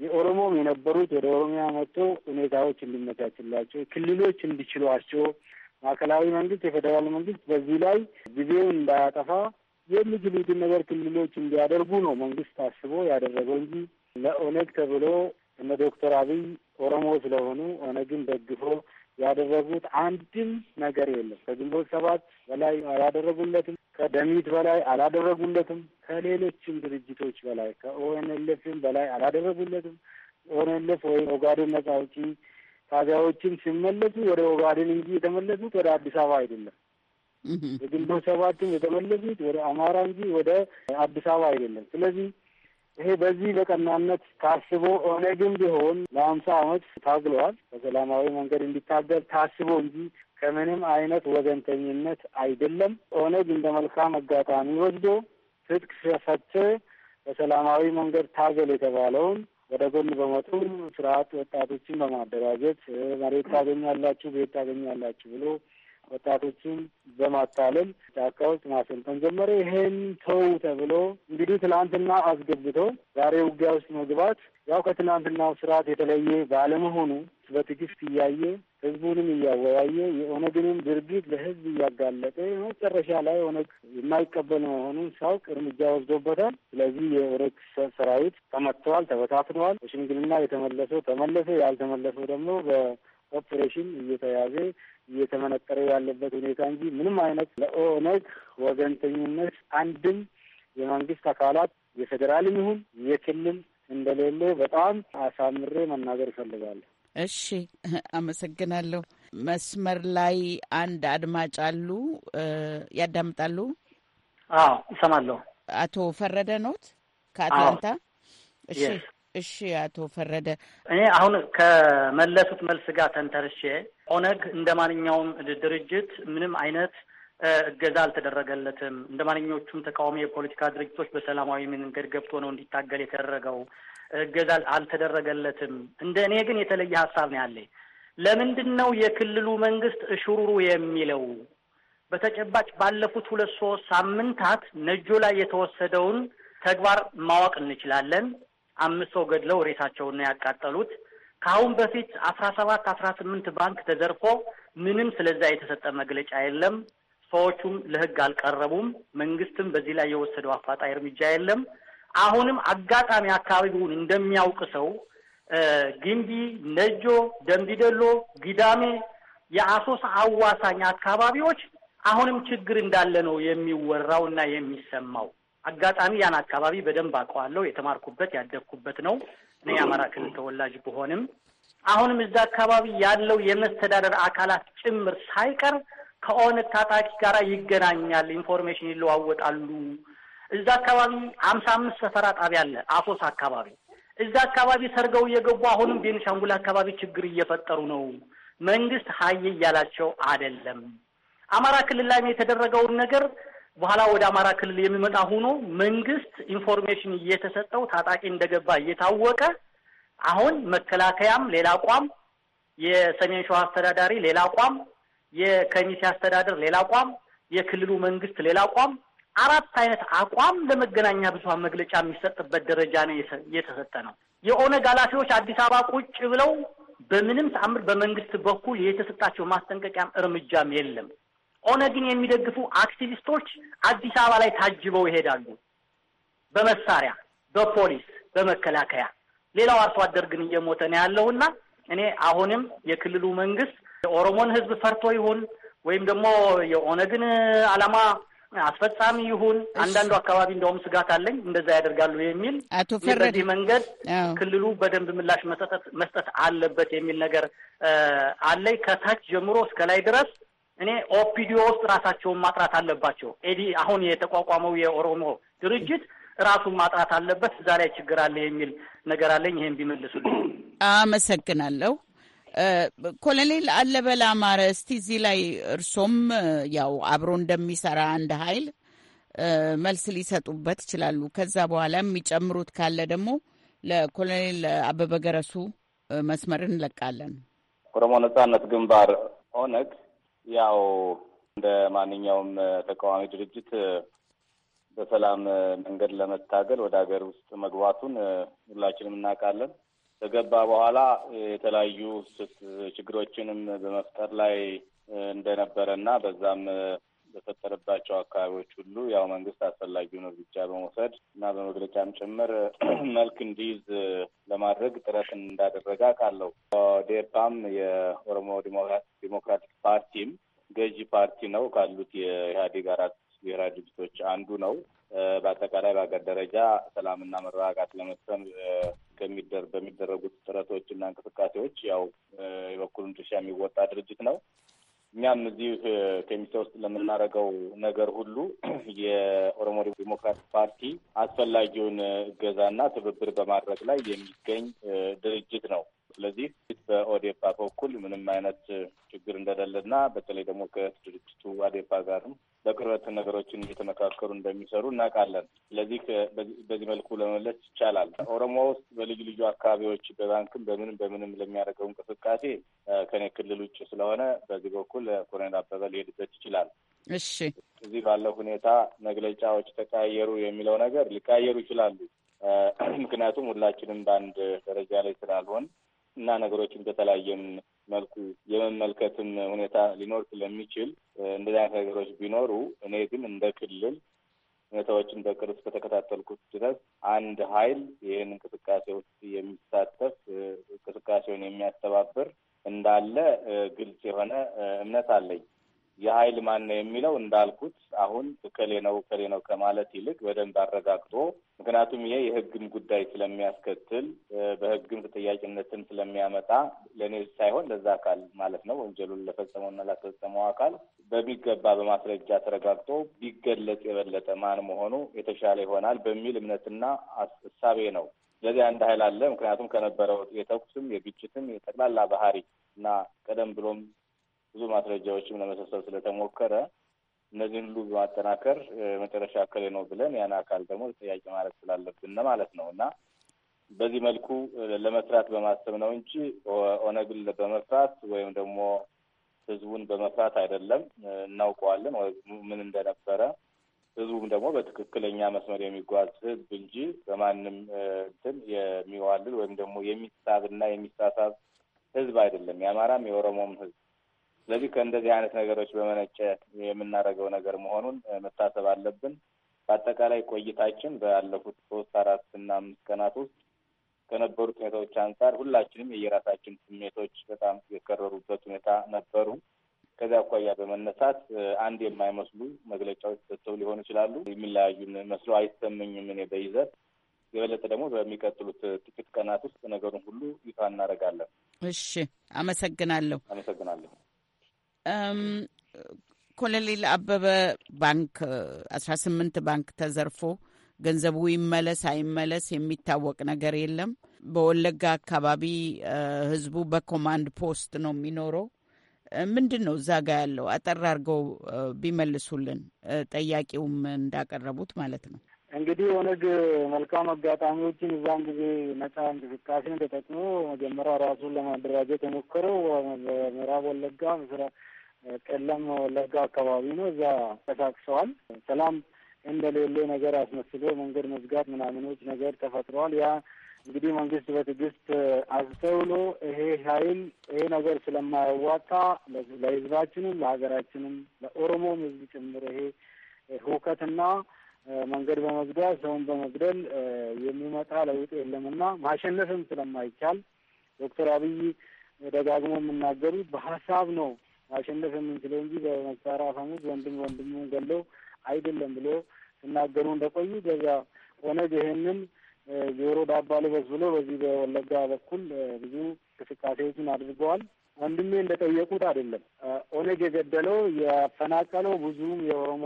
የኦሮሞም የነበሩት ወደ ኦሮሚያ መጥቶ ሁኔታዎች እንዲመቻችላቸው ክልሎች እንዲችሏቸው ማዕከላዊ መንግስት፣ የፌዴራል መንግስት በዚህ ላይ ጊዜውን እንዳያጠፋ የሚችሉትን ነገር ክልሎች እንዲያደርጉ ነው መንግስት አስቦ ያደረገው እንጂ ለኦነግ ተብሎ እነ ዶክተር አብይ ኦሮሞ ስለሆኑ ኦነግን ደግፎ ያደረጉት አንድም ነገር የለም። ከግንቦት ሰባት በላይ አላደረጉለትም። ከደሚት በላይ አላደረጉለትም። ከሌሎችም ድርጅቶች በላይ ከኦኤንኤልኤፍም በላይ አላደረጉለትም። ኦኤንኤልኤፍ ወይም ኦጋዴን ነጻ አውጪ ታቢያዎችም ሲመለሱ ወደ ኦጋዴን እንጂ የተመለሱት ወደ አዲስ አበባ አይደለም። የግንቦት ሰባትም የተመለሱት ወደ አማራ እንጂ ወደ አዲስ አበባ አይደለም። ስለዚህ ይሄ በዚህ በቀናነት ታስቦ ኦነግም ቢሆን ለአምሳ አመት ታግለዋል። በሰላማዊ መንገድ እንዲታገል ታስቦ እንጂ ከምንም አይነት ወገንተኝነት አይደለም። ኦነግ እንደ መልካም አጋጣሚ ወስዶ ትጥቅ ፈተ በሰላማዊ መንገድ ታገል የተባለውን ወደ ጎን በመተው ስርዓት ወጣቶችን በማደራጀት መሬት ታገኛላችሁ፣ ቤት ታገኛላችሁ ብሎ ወጣቶችን በማታለል ጫካ ውስጥ ማሰልጠን ጀመረ። ይሄን ተው ተብሎ እንግዲህ ትላንትና አስገብቶ ዛሬ ውጊያ ውስጥ መግባት ያው ከትላንትናው ስርዓት የተለየ ባለመሆኑ በትዕግስት እያየ ህዝቡንም እያወያየ የኦነግንም ድርጊት ለህዝብ እያጋለጠ መጨረሻ ላይ ኦነግ የማይቀበል መሆኑን ሳውቅ እርምጃ ወስዶበታል። ስለዚህ የኦነግ ሰራዊት ተመትተዋል፣ ተበታትነዋል። በሽምግልና የተመለሰው ተመለሰ፣ ያልተመለሰው ደግሞ ኦፕሬሽን እየተያዘ እየተመነጠረ ያለበት ሁኔታ እንጂ ምንም አይነት ለኦነግ ወገንተኝነት አንድም የመንግስት አካላት የፌዴራልም ይሁን የክልል እንደሌለ በጣም አሳምሬ መናገር እፈልጋለሁ። እሺ፣ አመሰግናለሁ። መስመር ላይ አንድ አድማጭ አሉ። ያዳምጣሉ? አዎ፣ እሰማለሁ። አቶ ፈረደ ኖት ከአትላንታ። እሺ እሺ፣ አቶ ፈረደ እኔ አሁን ከመለሱት መልስ ጋር ተንተርሼ ኦነግ እንደ ማንኛውም ድርጅት ምንም አይነት እገዛ አልተደረገለትም። እንደ ማንኛዎቹም ተቃዋሚ የፖለቲካ ድርጅቶች በሰላማዊ መንገድ ገብቶ ነው እንዲታገል የተደረገው። እገዛ አልተደረገለትም። እንደ እኔ ግን የተለየ ሀሳብ ነው ያለኝ። ለምንድን ነው የክልሉ መንግስት እሽሩሩ የሚለው? በተጨባጭ ባለፉት ሁለት ሶስት ሳምንታት ነጆ ላይ የተወሰደውን ተግባር ማወቅ እንችላለን። አምስት ሰው ገድለው ሬሳቸውን ያቃጠሉት። ከአሁን በፊት አስራ ሰባት አስራ ስምንት ባንክ ተዘርፎ ምንም ስለዛ የተሰጠ መግለጫ የለም። ሰዎቹም ለህግ አልቀረቡም። መንግስትም በዚህ ላይ የወሰደው አፋጣኝ እርምጃ የለም። አሁንም አጋጣሚ አካባቢውን እንደሚያውቅ ሰው ግንቢ፣ ነጆ፣ ደምቢዶሎ፣ ጊዳሜ፣ የአሶሳ አዋሳኝ አካባቢዎች አሁንም ችግር እንዳለ ነው የሚወራው እና የሚሰማው። አጋጣሚ ያን አካባቢ በደንብ አውቀዋለሁ። የተማርኩበት ያደግኩበት ነው። እኔ የአማራ ክልል ተወላጅ ብሆንም አሁንም እዛ አካባቢ ያለው የመስተዳደር አካላት ጭምር ሳይቀር ከኦነግ ታጣቂ ጋር ይገናኛል፣ ኢንፎርሜሽን ይለዋወጣሉ። እዛ አካባቢ ሀምሳ አምስት ሰፈራ ጣቢያ አለ አፎስ አካባቢ። እዛ አካባቢ ሰርገው እየገቡ አሁንም ቤንሻንጉል አካባቢ ችግር እየፈጠሩ ነው። መንግስት ሀይ እያላቸው አይደለም። አማራ ክልል ላይ የተደረገውን ነገር በኋላ ወደ አማራ ክልል የሚመጣ ሆኖ መንግስት ኢንፎርሜሽን እየተሰጠው ታጣቂ እንደገባ እየታወቀ አሁን መከላከያም ሌላ አቋም፣ የሰሜን ሸዋ አስተዳዳሪ ሌላ አቋም፣ የከሚሴ አስተዳደር ሌላ አቋም፣ የክልሉ መንግስት ሌላ አቋም፣ አራት አይነት አቋም ለመገናኛ ብዙሃን መግለጫ የሚሰጥበት ደረጃ ነው እየተሰጠ ነው። የኦነግ ኃላፊዎች አዲስ አበባ ቁጭ ብለው በምንም ተአምር በመንግስት በኩል የተሰጣቸው ማስጠንቀቂያም እርምጃም የለም። ኦነግን የሚደግፉ አክቲቪስቶች አዲስ አበባ ላይ ታጅበው ይሄዳሉ። በመሳሪያ በፖሊስ በመከላከያ። ሌላው አርሶ አደር ግን እየሞተ ነው ያለውና እኔ አሁንም የክልሉ መንግስት የኦሮሞን ህዝብ ፈርቶ ይሁን ወይም ደግሞ የኦነግን አላማ አስፈጻሚ ይሁን አንዳንዱ አካባቢ እንደውም ስጋት አለኝ እንደዛ ያደርጋሉ የሚል አቶ ፈረደ መንገድ ክልሉ በደንብ ምላሽ መስጠት አለበት የሚል ነገር አለኝ። ከታች ጀምሮ እስከ ላይ ድረስ እኔ ኦፒዲዮ ውስጥ ራሳቸውን ማጥራት አለባቸው። ኤዲ አሁን የተቋቋመው የኦሮሞ ድርጅት ራሱን ማጥራት አለበት። እዛ ላይ ችግር አለ የሚል ነገር አለኝ። ይሄን ቢመልሱልኝ አመሰግናለሁ። ኮሎኔል አለበላ ማረ፣ እስቲ እዚህ ላይ እርሶም ያው አብሮ እንደሚሰራ አንድ ኃይል መልስ ሊሰጡበት ይችላሉ። ከዛ በኋላ የሚጨምሩት ካለ ደግሞ ለኮሎኔል አበበ ገረሱ መስመር እንለቃለን። ኦሮሞ ነጻነት ግንባር ኦነግ ያው እንደ ማንኛውም ተቃዋሚ ድርጅት በሰላም መንገድ ለመታገል ወደ ሀገር ውስጥ መግባቱን ሁላችንም እናውቃለን። ከገባ በኋላ የተለያዩ ችግሮችንም በመፍጠር ላይ እንደነበረ እና በዛም በተፈጠረባቸው አካባቢዎች ሁሉ ያው መንግስት አስፈላጊውን እርምጃ በመውሰድ እና በመግለጫም ጭምር [clears throat] መልክ እንዲይዝ ለማድረግ ጥረት እንዳደረገ አውቃለሁ። ዴፓም የኦሮሞ ዲሞክራቲክ ፓርቲም ገዢ ፓርቲ ነው ካሉት የኢህአዴግ አራት ብሔራዊ ድርጅቶች አንዱ ነው። በአጠቃላይ በሀገር ደረጃ ሰላምና መረጋጋት ከሚደር በሚደረጉት ጥረቶች እና እንቅስቃሴዎች ያው የበኩሉን ድርሻ የሚወጣ ድርጅት ነው። እኛም እዚህ ከሚሴ ውስጥ ለምናደርገው ነገር ሁሉ [clears throat] የኦሮሞ ዴሞክራቲክ ፓርቲ አስፈላጊውን እገዛና ትብብር በማድረግ ላይ የሚገኝ ድርጅት ነው። ስለዚህ በኦዴፓ በኩል ምንም አይነት ችግር እንደሌለና በተለይ ደግሞ ከድርጅቱ አዴፓ ጋርም በቅርበት ነገሮችን እየተመካከሩ እንደሚሰሩ እናውቃለን። ስለዚህ በዚህ መልኩ ለመመለስ ይቻላል። ኦሮሞ ውስጥ በልዩ ልዩ አካባቢዎች በባንክም በምንም በምንም ለሚያደርገው እንቅስቃሴ ከኔ ክልል ውጭ ስለሆነ በዚህ በኩል ኮሎኔል አበበ ሊሄድበት ይችላል። እሺ፣ እዚህ ባለው ሁኔታ መግለጫዎች ተቀያየሩ የሚለው ነገር ሊቀያየሩ ይችላሉ። [clears throat] ምክንያቱም ሁላችንም በአንድ ደረጃ ላይ ስላልሆን እና ነገሮችን በተለያየም መልኩ የመመልከትም ሁኔታ ሊኖር ስለሚችል እንደዚህ አይነት ነገሮች ቢኖሩ፣ እኔ ግን እንደ ክልል ሁኔታዎችን በቅርብ በተከታተልኩት ድረስ አንድ ኃይል ይህን እንቅስቃሴ ውስጥ የሚሳተፍ እንቅስቃሴውን የሚያስተባብር እንዳለ ግልጽ የሆነ እምነት አለኝ። የሀይል ማን ነው የሚለው እንዳልኩት አሁን እከሌ ነው እከሌ ነው ከማለት ይልቅ በደንብ አረጋግጦ ምክንያቱም ይሄ የህግም ጉዳይ ስለሚያስከትል በህግም ተጠያቂነትን ስለሚያመጣ ለእኔ ሳይሆን ለዛ አካል ማለት ነው ወንጀሉን ለፈጸመውና ላስፈጸመው አካል በሚገባ በማስረጃ ተረጋግጦ ቢገለጽ የበለጠ ማን መሆኑ የተሻለ ይሆናል በሚል እምነትና እሳቤ ነው። ስለዚህ አንድ ሀይል አለ። ምክንያቱም ከነበረው የተኩስም የግጭትም የጠቅላላ ባህሪ እና ቀደም ብሎም ብዙ ማስረጃዎችም ለመሰብሰብ ስለተሞከረ እነዚህን ሁሉ በማጠናከር መጨረሻ አካል ነው ብለን ያን አካል ደግሞ ተጠያቂ ማለት ስላለብን ማለት ነው እና በዚህ መልኩ ለመስራት በማሰብ ነው እንጂ ኦነግን በመፍራት ወይም ደግሞ ህዝቡን በመፍራት አይደለም። እናውቀዋለን ምን እንደነበረ ህዝቡም ደግሞ በትክክለኛ መስመር የሚጓዝ ህዝብ እንጂ በማንም እንትን የሚዋልል ወይም ደግሞ የሚሳብና የሚሳሳብ ህዝብ አይደለም። የአማራም የኦሮሞም ህዝብ ስለዚህ ከእንደዚህ አይነት ነገሮች በመነጨ የምናደርገው ነገር መሆኑን መታሰብ አለብን። በአጠቃላይ ቆይታችን ባለፉት ሶስት አራት እና አምስት ቀናት ውስጥ ከነበሩት ሁኔታዎች አንጻር ሁላችንም የየራሳችን ስሜቶች በጣም የከረሩበት ሁኔታ ነበሩ። ከዚያ አኳያ በመነሳት አንድ የማይመስሉ መግለጫዎች ሰጥተው ሊሆኑ ይችላሉ። የሚለያዩን መስሎ አይሰምኝም እኔ በይዘት የበለጠ ደግሞ በሚቀጥሉት ጥቂት ቀናት ውስጥ ነገሩን ሁሉ ይፋ እናደርጋለን። እሺ፣ አመሰግናለሁ። አመሰግናለሁ። ኮሎኔል አበበ ባንክ አስራ ስምንት ባንክ ተዘርፎ ገንዘቡ ይመለስ አይመለስ የሚታወቅ ነገር የለም። በወለጋ አካባቢ ህዝቡ በኮማንድ ፖስት ነው የሚኖረው። ምንድን ነው እዛ ጋ ያለው? አጠር አድርገው ቢመልሱልን፣ ጠያቂውም እንዳቀረቡት ማለት ነው። እንግዲህ ኦነግ መልካም አጋጣሚዎችን እዛን ጊዜ ነጻ እንቅስቃሴን ተጠቅሞ መጀመሪያ ራሱን ለማደራጀት የሞከረው ምዕራብ ወለጋ ቀለም ወለጋ አካባቢ ነው። እዛ ተሳቅሰዋል። ሰላም እንደሌለ ነገር አስመስሎ መንገድ መዝጋት ምናምኖች ነገር ተፈጥሯል። ያ እንግዲህ መንግስት በትዕግስት አስተውሎ ይሄ ኃይል ይሄ ነገር ስለማያዋጣ ለህዝባችንም ለሀገራችንም ለኦሮሞም ህዝብ ጭምር ይሄ ህውከትና መንገድ በመዝጋት ሰውን በመግደል የሚመጣ ለውጥ የለምና ማሸነፍም ስለማይቻል ዶክተር አብይ ደጋግሞ የሚናገሩት በሀሳብ ነው ማሸነፍ የምንችለው እንጂ በመሳሪያ አፈሙዝ ወንድም ወንድሙን ገለው አይደለም ብሎ ሲናገሩ እንደቆዩ ገዛ ኦነግ ይህንን ጆሮ ዳባ ልበስ ብሎ በዚህ በወለጋ በኩል ብዙ እንቅስቃሴዎችን አድርገዋል። ወንድሜ እንደጠየቁት አይደለም። ኦነግ የገደለው ያፈናቀለው ብዙ የኦሮሞ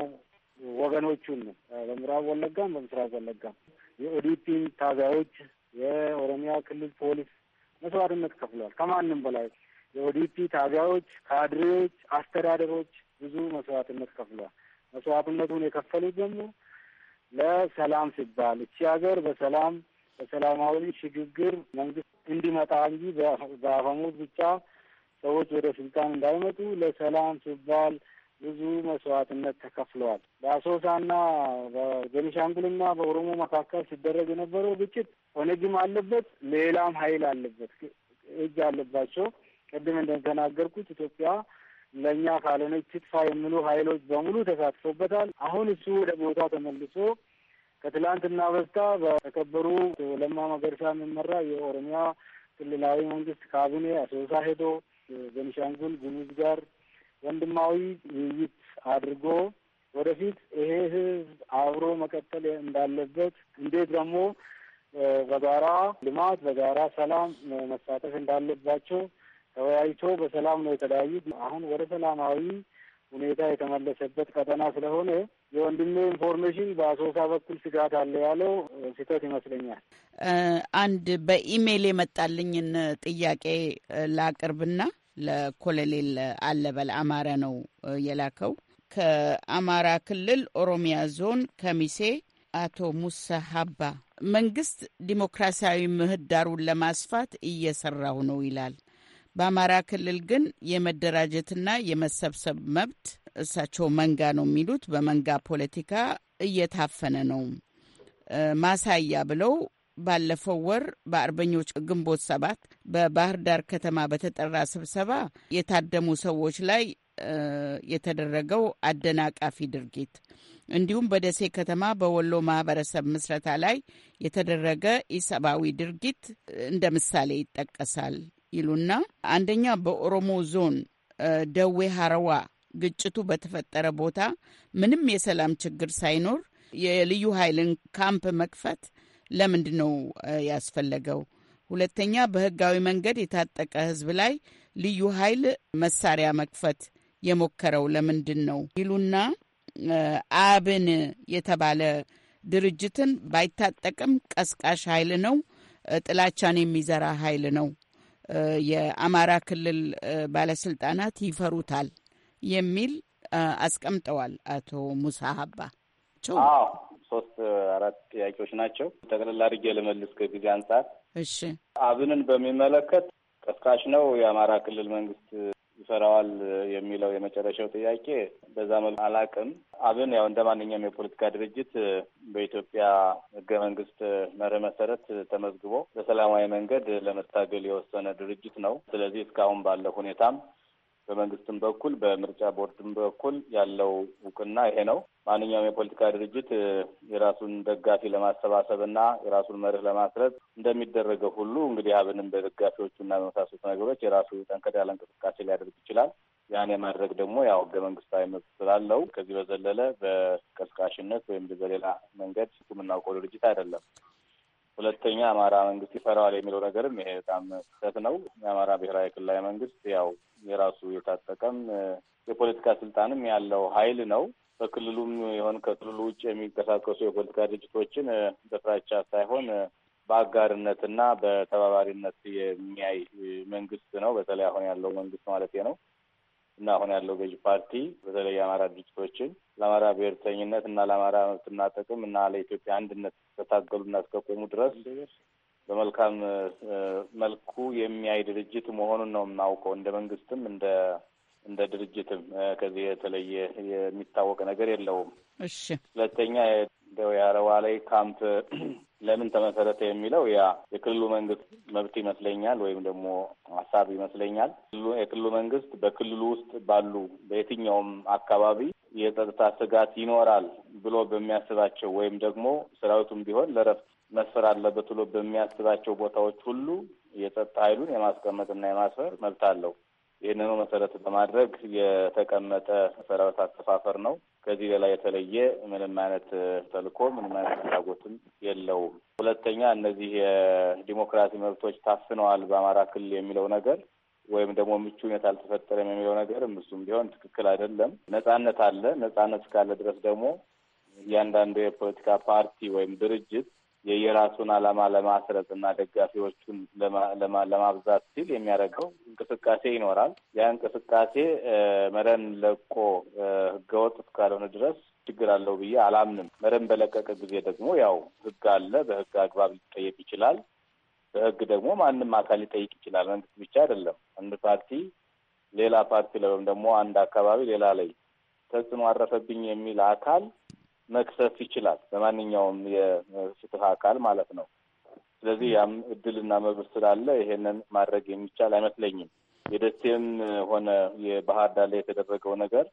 ወገኖቹን ነው። በምዕራብ ወለጋም በምስራቅ ወለጋም የኦዲፒን ታጋዮች የኦሮሚያ ክልል ፖሊስ መስዋዕትነት ከፍሏል። ከማንም በላይ የኦዲፒ ታጋዮች፣ ካድሬዎች፣ አስተዳደሮች ብዙ መስዋዕትነት ከፍሏል። መስዋዕትነቱን የከፈሉት ደግሞ ለሰላም ሲባል እቺ ሀገር በሰላም በሰላማዊ ሽግግር መንግስት እንዲመጣ እንጂ በአፈሙዝ ብቻ ሰዎች ወደ ስልጣን እንዳይመጡ ለሰላም ሲባል ብዙ መስዋዕትነት ተከፍለዋል። በአሶሳና በቤኒሻንጉልና በኦሮሞ መካከል ሲደረግ የነበረው ግጭት ኦነግም አለበት፣ ሌላም ሀይል አለበት እጅ አለባቸው። ቅድም እንደተናገርኩት ኢትዮጵያ ለእኛ ካልሆነች ትጥፋ የሚሉ ኃይሎች በሙሉ ተሳትፎበታል። አሁን እሱ ወደ ቦታ ተመልሶ ከትላንትና በስታ በተከበሩ ለማ መገርሳ የሚመራ የኦሮሚያ ክልላዊ መንግስት ካቢኔ አሶሳ ሄዶ ቤኒሻንጉል ጉሙዝ ጋር ወንድማዊ ውይይት አድርጎ ወደፊት ይሄ ህዝብ አብሮ መቀጠል እንዳለበት እንዴት ደግሞ በጋራ ልማት በጋራ ሰላም መሳተፍ እንዳለባቸው ተወያይቶ በሰላም ነው የተለያዩት። አሁን ወደ ሰላማዊ ሁኔታ የተመለሰበት ቀጠና ስለሆነ የወንድሜ ኢንፎርሜሽን በአሶሳ በኩል ስጋት አለ ያለው ስህተት ይመስለኛል። አንድ በኢሜይል የመጣልኝን ጥያቄ ላቅርብና ለኮሎኔል አለበል አማረ ነው የላከው። ከአማራ ክልል ኦሮሚያ ዞን ከሚሴ አቶ ሙሳ ሀባ መንግስት ዲሞክራሲያዊ ምህዳሩን ለማስፋት እየሰራሁ ነው ይላል። በአማራ ክልል ግን የመደራጀትና የመሰብሰብ መብት እሳቸው መንጋ ነው የሚሉት በመንጋ ፖለቲካ እየታፈነ ነው። ማሳያ ብለው ባለፈው ወር በአርበኞች ግንቦት ሰባት በባህር ዳር ከተማ በተጠራ ስብሰባ የታደሙ ሰዎች ላይ የተደረገው አደናቃፊ ድርጊት እንዲሁም በደሴ ከተማ በወሎ ማህበረሰብ ምስረታ ላይ የተደረገ ኢሰብአዊ ድርጊት እንደ ምሳሌ ይጠቀሳል። ይሉና አንደኛ በኦሮሞ ዞን ደዌ ሀረዋ ግጭቱ በተፈጠረ ቦታ ምንም የሰላም ችግር ሳይኖር የልዩ ኃይልን ካምፕ መክፈት ለምንድን ነው ያስፈለገው? ሁለተኛ በህጋዊ መንገድ የታጠቀ ህዝብ ላይ ልዩ ኃይል መሳሪያ መክፈት የሞከረው ለምንድን ነው ይሉና አብን የተባለ ድርጅትን ባይታጠቅም ቀስቃሽ ኃይል ነው፣ ጥላቻን የሚዘራ ኃይል ነው የአማራ ክልል ባለስልጣናት ይፈሩታል የሚል አስቀምጠዋል። አቶ ሙሳ ሀባ አዎ፣ ሶስት አራት ጥያቄዎች ናቸው። ጠቅልላ አድርጌ ልመልስ ከጊዜ አንጻር። እሺ፣ አብንን በሚመለከት ቀስቃሽ ነው የአማራ ክልል መንግስት ይሰራዋል የሚለው የመጨረሻው ጥያቄ በዛ መልኩ አላቅም። አብን ያው እንደ ማንኛውም የፖለቲካ ድርጅት በኢትዮጵያ ሕገ መንግስት መርህ መሰረት ተመዝግቦ በሰላማዊ መንገድ ለመታገል የወሰነ ድርጅት ነው። ስለዚህ እስካሁን ባለው ሁኔታም በመንግስትም በኩል በምርጫ ቦርድም በኩል ያለው እውቅና ይሄ ነው። ማንኛውም የፖለቲካ ድርጅት የራሱን ደጋፊ ለማሰባሰብ እና የራሱን መርህ ለማስረጽ እንደሚደረገው ሁሉ እንግዲህ አብንም በደጋፊዎቹ እና በመሳሰሉት ነገሮች የራሱ ጠንከር ያለ እንቅስቃሴ ሊያደርግ ይችላል። ያን የማድረግ ደግሞ ያው ህገ መንግስታዊ መብት ስላለው ከዚህ በዘለለ በቀስቃሽነት ወይም በሌላ መንገድ የምናውቀው ድርጅት አይደለም። ሁለተኛ አማራ መንግስት ይፈራዋል የሚለው ነገርም ይሄ በጣም ስህተት ነው። የአማራ ብሔራዊ ክልላዊ መንግስት ያው የራሱ የታጠቀም የፖለቲካ ስልጣንም ያለው ሀይል ነው። በክልሉም የሆን ከክልሉ ውጭ የሚንቀሳቀሱ የፖለቲካ ድርጅቶችን በፍራቻ ሳይሆን በአጋርነትና በተባባሪነት የሚያይ መንግስት ነው። በተለይ አሁን ያለው መንግስት ማለት ነው እና አሁን ያለው ገዥ ፓርቲ በተለይ የአማራ ድርጅቶችን ለአማራ ብሔርተኝነት እና ለአማራ መብትና ጥቅም እና ለኢትዮጵያ አንድነት እስከታገሉና እስከቆሙ ድረስ በመልካም መልኩ የሚያይ ድርጅት መሆኑን ነው የማውቀው። እንደ መንግስትም እንደ እንደ ድርጅትም ከዚህ የተለየ የሚታወቅ ነገር የለውም። እሺ፣ ሁለተኛ ደው ላይ ካምፕ [clears throat] ለምን ተመሰረተ የሚለው ያ የክልሉ መንግስት መብት ይመስለኛል፣ ወይም ደግሞ ሀሳብ ይመስለኛል። የክልሉ መንግስት በክልሉ ውስጥ ባሉ በየትኛውም አካባቢ የጸጥታ ስጋት ይኖራል ብሎ በሚያስባቸው ወይም ደግሞ ሰራዊቱም ቢሆን ለረፍት መስፈር አለበት ብሎ በሚያስባቸው ቦታዎች ሁሉ የጸጥታ ኃይሉን የማስቀመጥና የማስፈር መብት አለው። ይህንኑ መሰረት በማድረግ የተቀመጠ ሰራዊት አሰፋፈር ነው። ከዚህ ሌላ የተለየ ምንም አይነት ተልዕኮ ምንም አይነት ፍላጎትም የለውም። ሁለተኛ እነዚህ የዲሞክራሲ መብቶች ታፍነዋል በአማራ ክልል የሚለው ነገር ወይም ደግሞ ምቹ ሁኔታ አልተፈጠረም የሚለው ነገር እሱም ቢሆን ትክክል አይደለም። ነጻነት አለ። ነጻነት እስካለ ድረስ ደግሞ እያንዳንዱ የፖለቲካ ፓርቲ ወይም ድርጅት የየራሱን ዓላማ ለማስረጽ እና ደጋፊዎቹን ለማብዛት ሲል የሚያደርገው እንቅስቃሴ ይኖራል። ያ እንቅስቃሴ መረን ለቆ ህገወጥ እስካልሆነ ድረስ ችግር አለው ብዬ አላምንም። መረን በለቀቀ ጊዜ ደግሞ ያው ህግ አለ። በህግ አግባብ ሊጠየቅ ይችላል። በህግ ደግሞ ማንም አካል ሊጠይቅ ይችላል። መንግስት ብቻ አይደለም። አንድ ፓርቲ ሌላ ፓርቲ ላይ ወይም ደግሞ አንድ አካባቢ ሌላ ላይ ተጽዕኖ አረፈብኝ የሚል አካል መክሰፍ ይችላል፣ በማንኛውም የፍትህ አካል ማለት ነው። ስለዚህ ያም እድልና መብት ስላለ ይሄንን ማድረግ የሚቻል አይመስለኝም። የደሴም ሆነ የባህር ዳር ላይ የተደረገው ነገር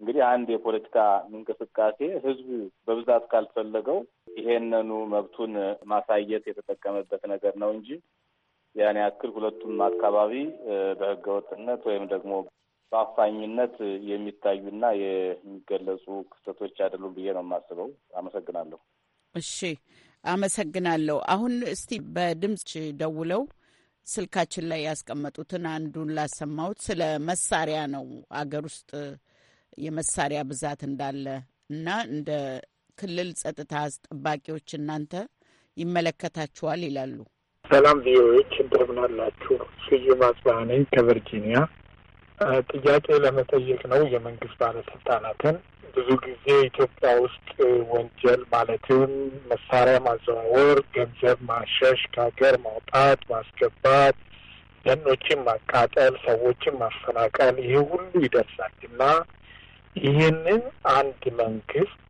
እንግዲህ አንድ የፖለቲካ እንቅስቃሴ ህዝብ በብዛት ካልፈለገው ይሄንኑ መብቱን ማሳየት የተጠቀመበት ነገር ነው እንጂ ያን ያክል ሁለቱም አካባቢ በህገወጥነት ወይም ደግሞ በአፋኝነት የሚታዩና የሚገለጹ ክስተቶች አይደሉም ብዬ ነው የማስበው። አመሰግናለሁ። እሺ፣ አመሰግናለሁ። አሁን እስቲ በድምፅ ደውለው ስልካችን ላይ ያስቀመጡትን አንዱን ላሰማሁት። ስለ መሳሪያ ነው አገር ውስጥ የመሳሪያ ብዛት እንዳለ እና እንደ ክልል ጸጥታ አስጠባቂዎች እናንተ ይመለከታችኋል ይላሉ። ሰላም ቪኦኤዎች እንደምን አላችሁ? ስዩም ነኝ ከቨርጂኒያ። ጥያቄ ለመጠየቅ ነው የመንግስት ባለስልጣናትን። ብዙ ጊዜ ኢትዮጵያ ውስጥ ወንጀል ማለትም መሳሪያ ማዘዋወር፣ ገንዘብ ማሸሽ፣ ከሀገር ማውጣት፣ ማስገባት፣ ደኖችን ማቃጠል፣ ሰዎችን ማፈናቀል ይሄ ሁሉ ይደርሳል እና ይህንን አንድ መንግስት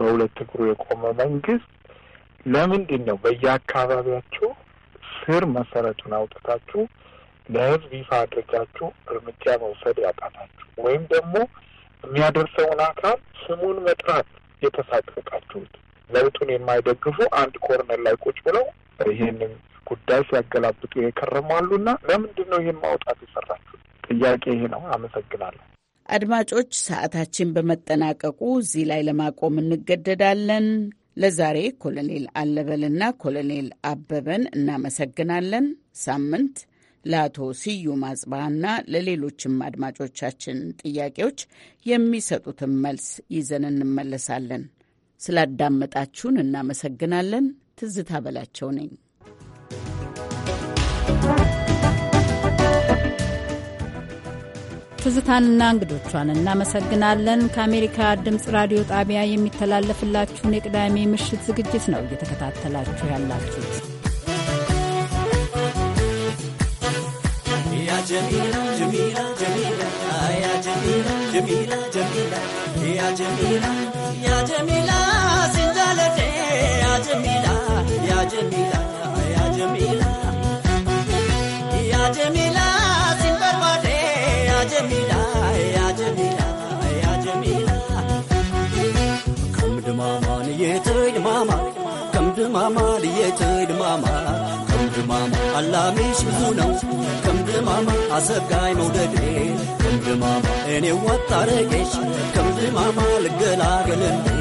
በሁለት እግሩ የቆመ መንግስት ለምንድን ነው በየአካባቢያቸው ስር መሰረቱን አውጥታችሁ ለህዝብ ይፋ አድርጋችሁ እርምጃ መውሰድ ያቃታችሁ ወይም ደግሞ የሚያደርሰውን አካል ስሙን መጥራት የተሳቀቃችሁት ለውጡን የማይደግፉ አንድ ኮርነር ላይ ቁጭ ብለው ይህንን ጉዳይ ሲያገላብጡ የከረማሉና ለምንድን ነው ይህን ማውጣት የሰራችሁ? ጥያቄ ይሄ ነው። አመሰግናለሁ። አድማጮች፣ ሰዓታችን በመጠናቀቁ እዚህ ላይ ለማቆም እንገደዳለን። ለዛሬ ኮሎኔል አለበልና ኮሎኔል አበበን እናመሰግናለን። ሳምንት ለአቶ ስዩም አጽባና ለሌሎችም አድማጮቻችን ጥያቄዎች የሚሰጡትን መልስ ይዘን እንመለሳለን። ስላዳመጣችሁን እናመሰግናለን። ትዝታ በላቸው ነኝ። ትዝታንና እንግዶቿን እናመሰግናለን። ከአሜሪካ ድምፅ ራዲዮ ጣቢያ የሚተላለፍላችሁን የቅዳሜ ምሽት ዝግጅት ነው እየተከታተላችሁ ያላችሁት። Jamiila Jamiila Jamiila Yaa Jamiila Jamiila Jamiila Yaa Jamiila Yaa Jamiila siin jaalladhee Yaa Jamiila Yaa Jamiila Yaa Jamiila Yaa Jamiila siin barbaadhee Yaa Jamiila Yaa Yaa Jamiila. Kamdu maamaa niyyee maama kamdu maamaa niyyee maama kamdu maama alaamee shibbuunaa. Kamdimama, Azabgai no de day. Kamdimama, any what taregish. Kamdimama, Galagalende.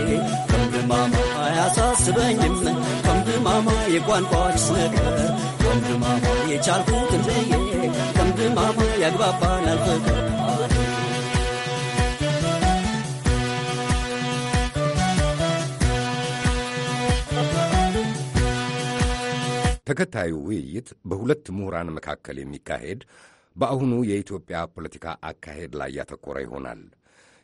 Kamdimama, I asked the him. Kamdimama, you want watch snugger. Kamdimama, you charcoal and day. Kamdimama, Yagba Panaka. ተከታዩ ውይይት በሁለት ምሁራን መካከል የሚካሄድ በአሁኑ የኢትዮጵያ ፖለቲካ አካሄድ ላይ ያተኮረ ይሆናል።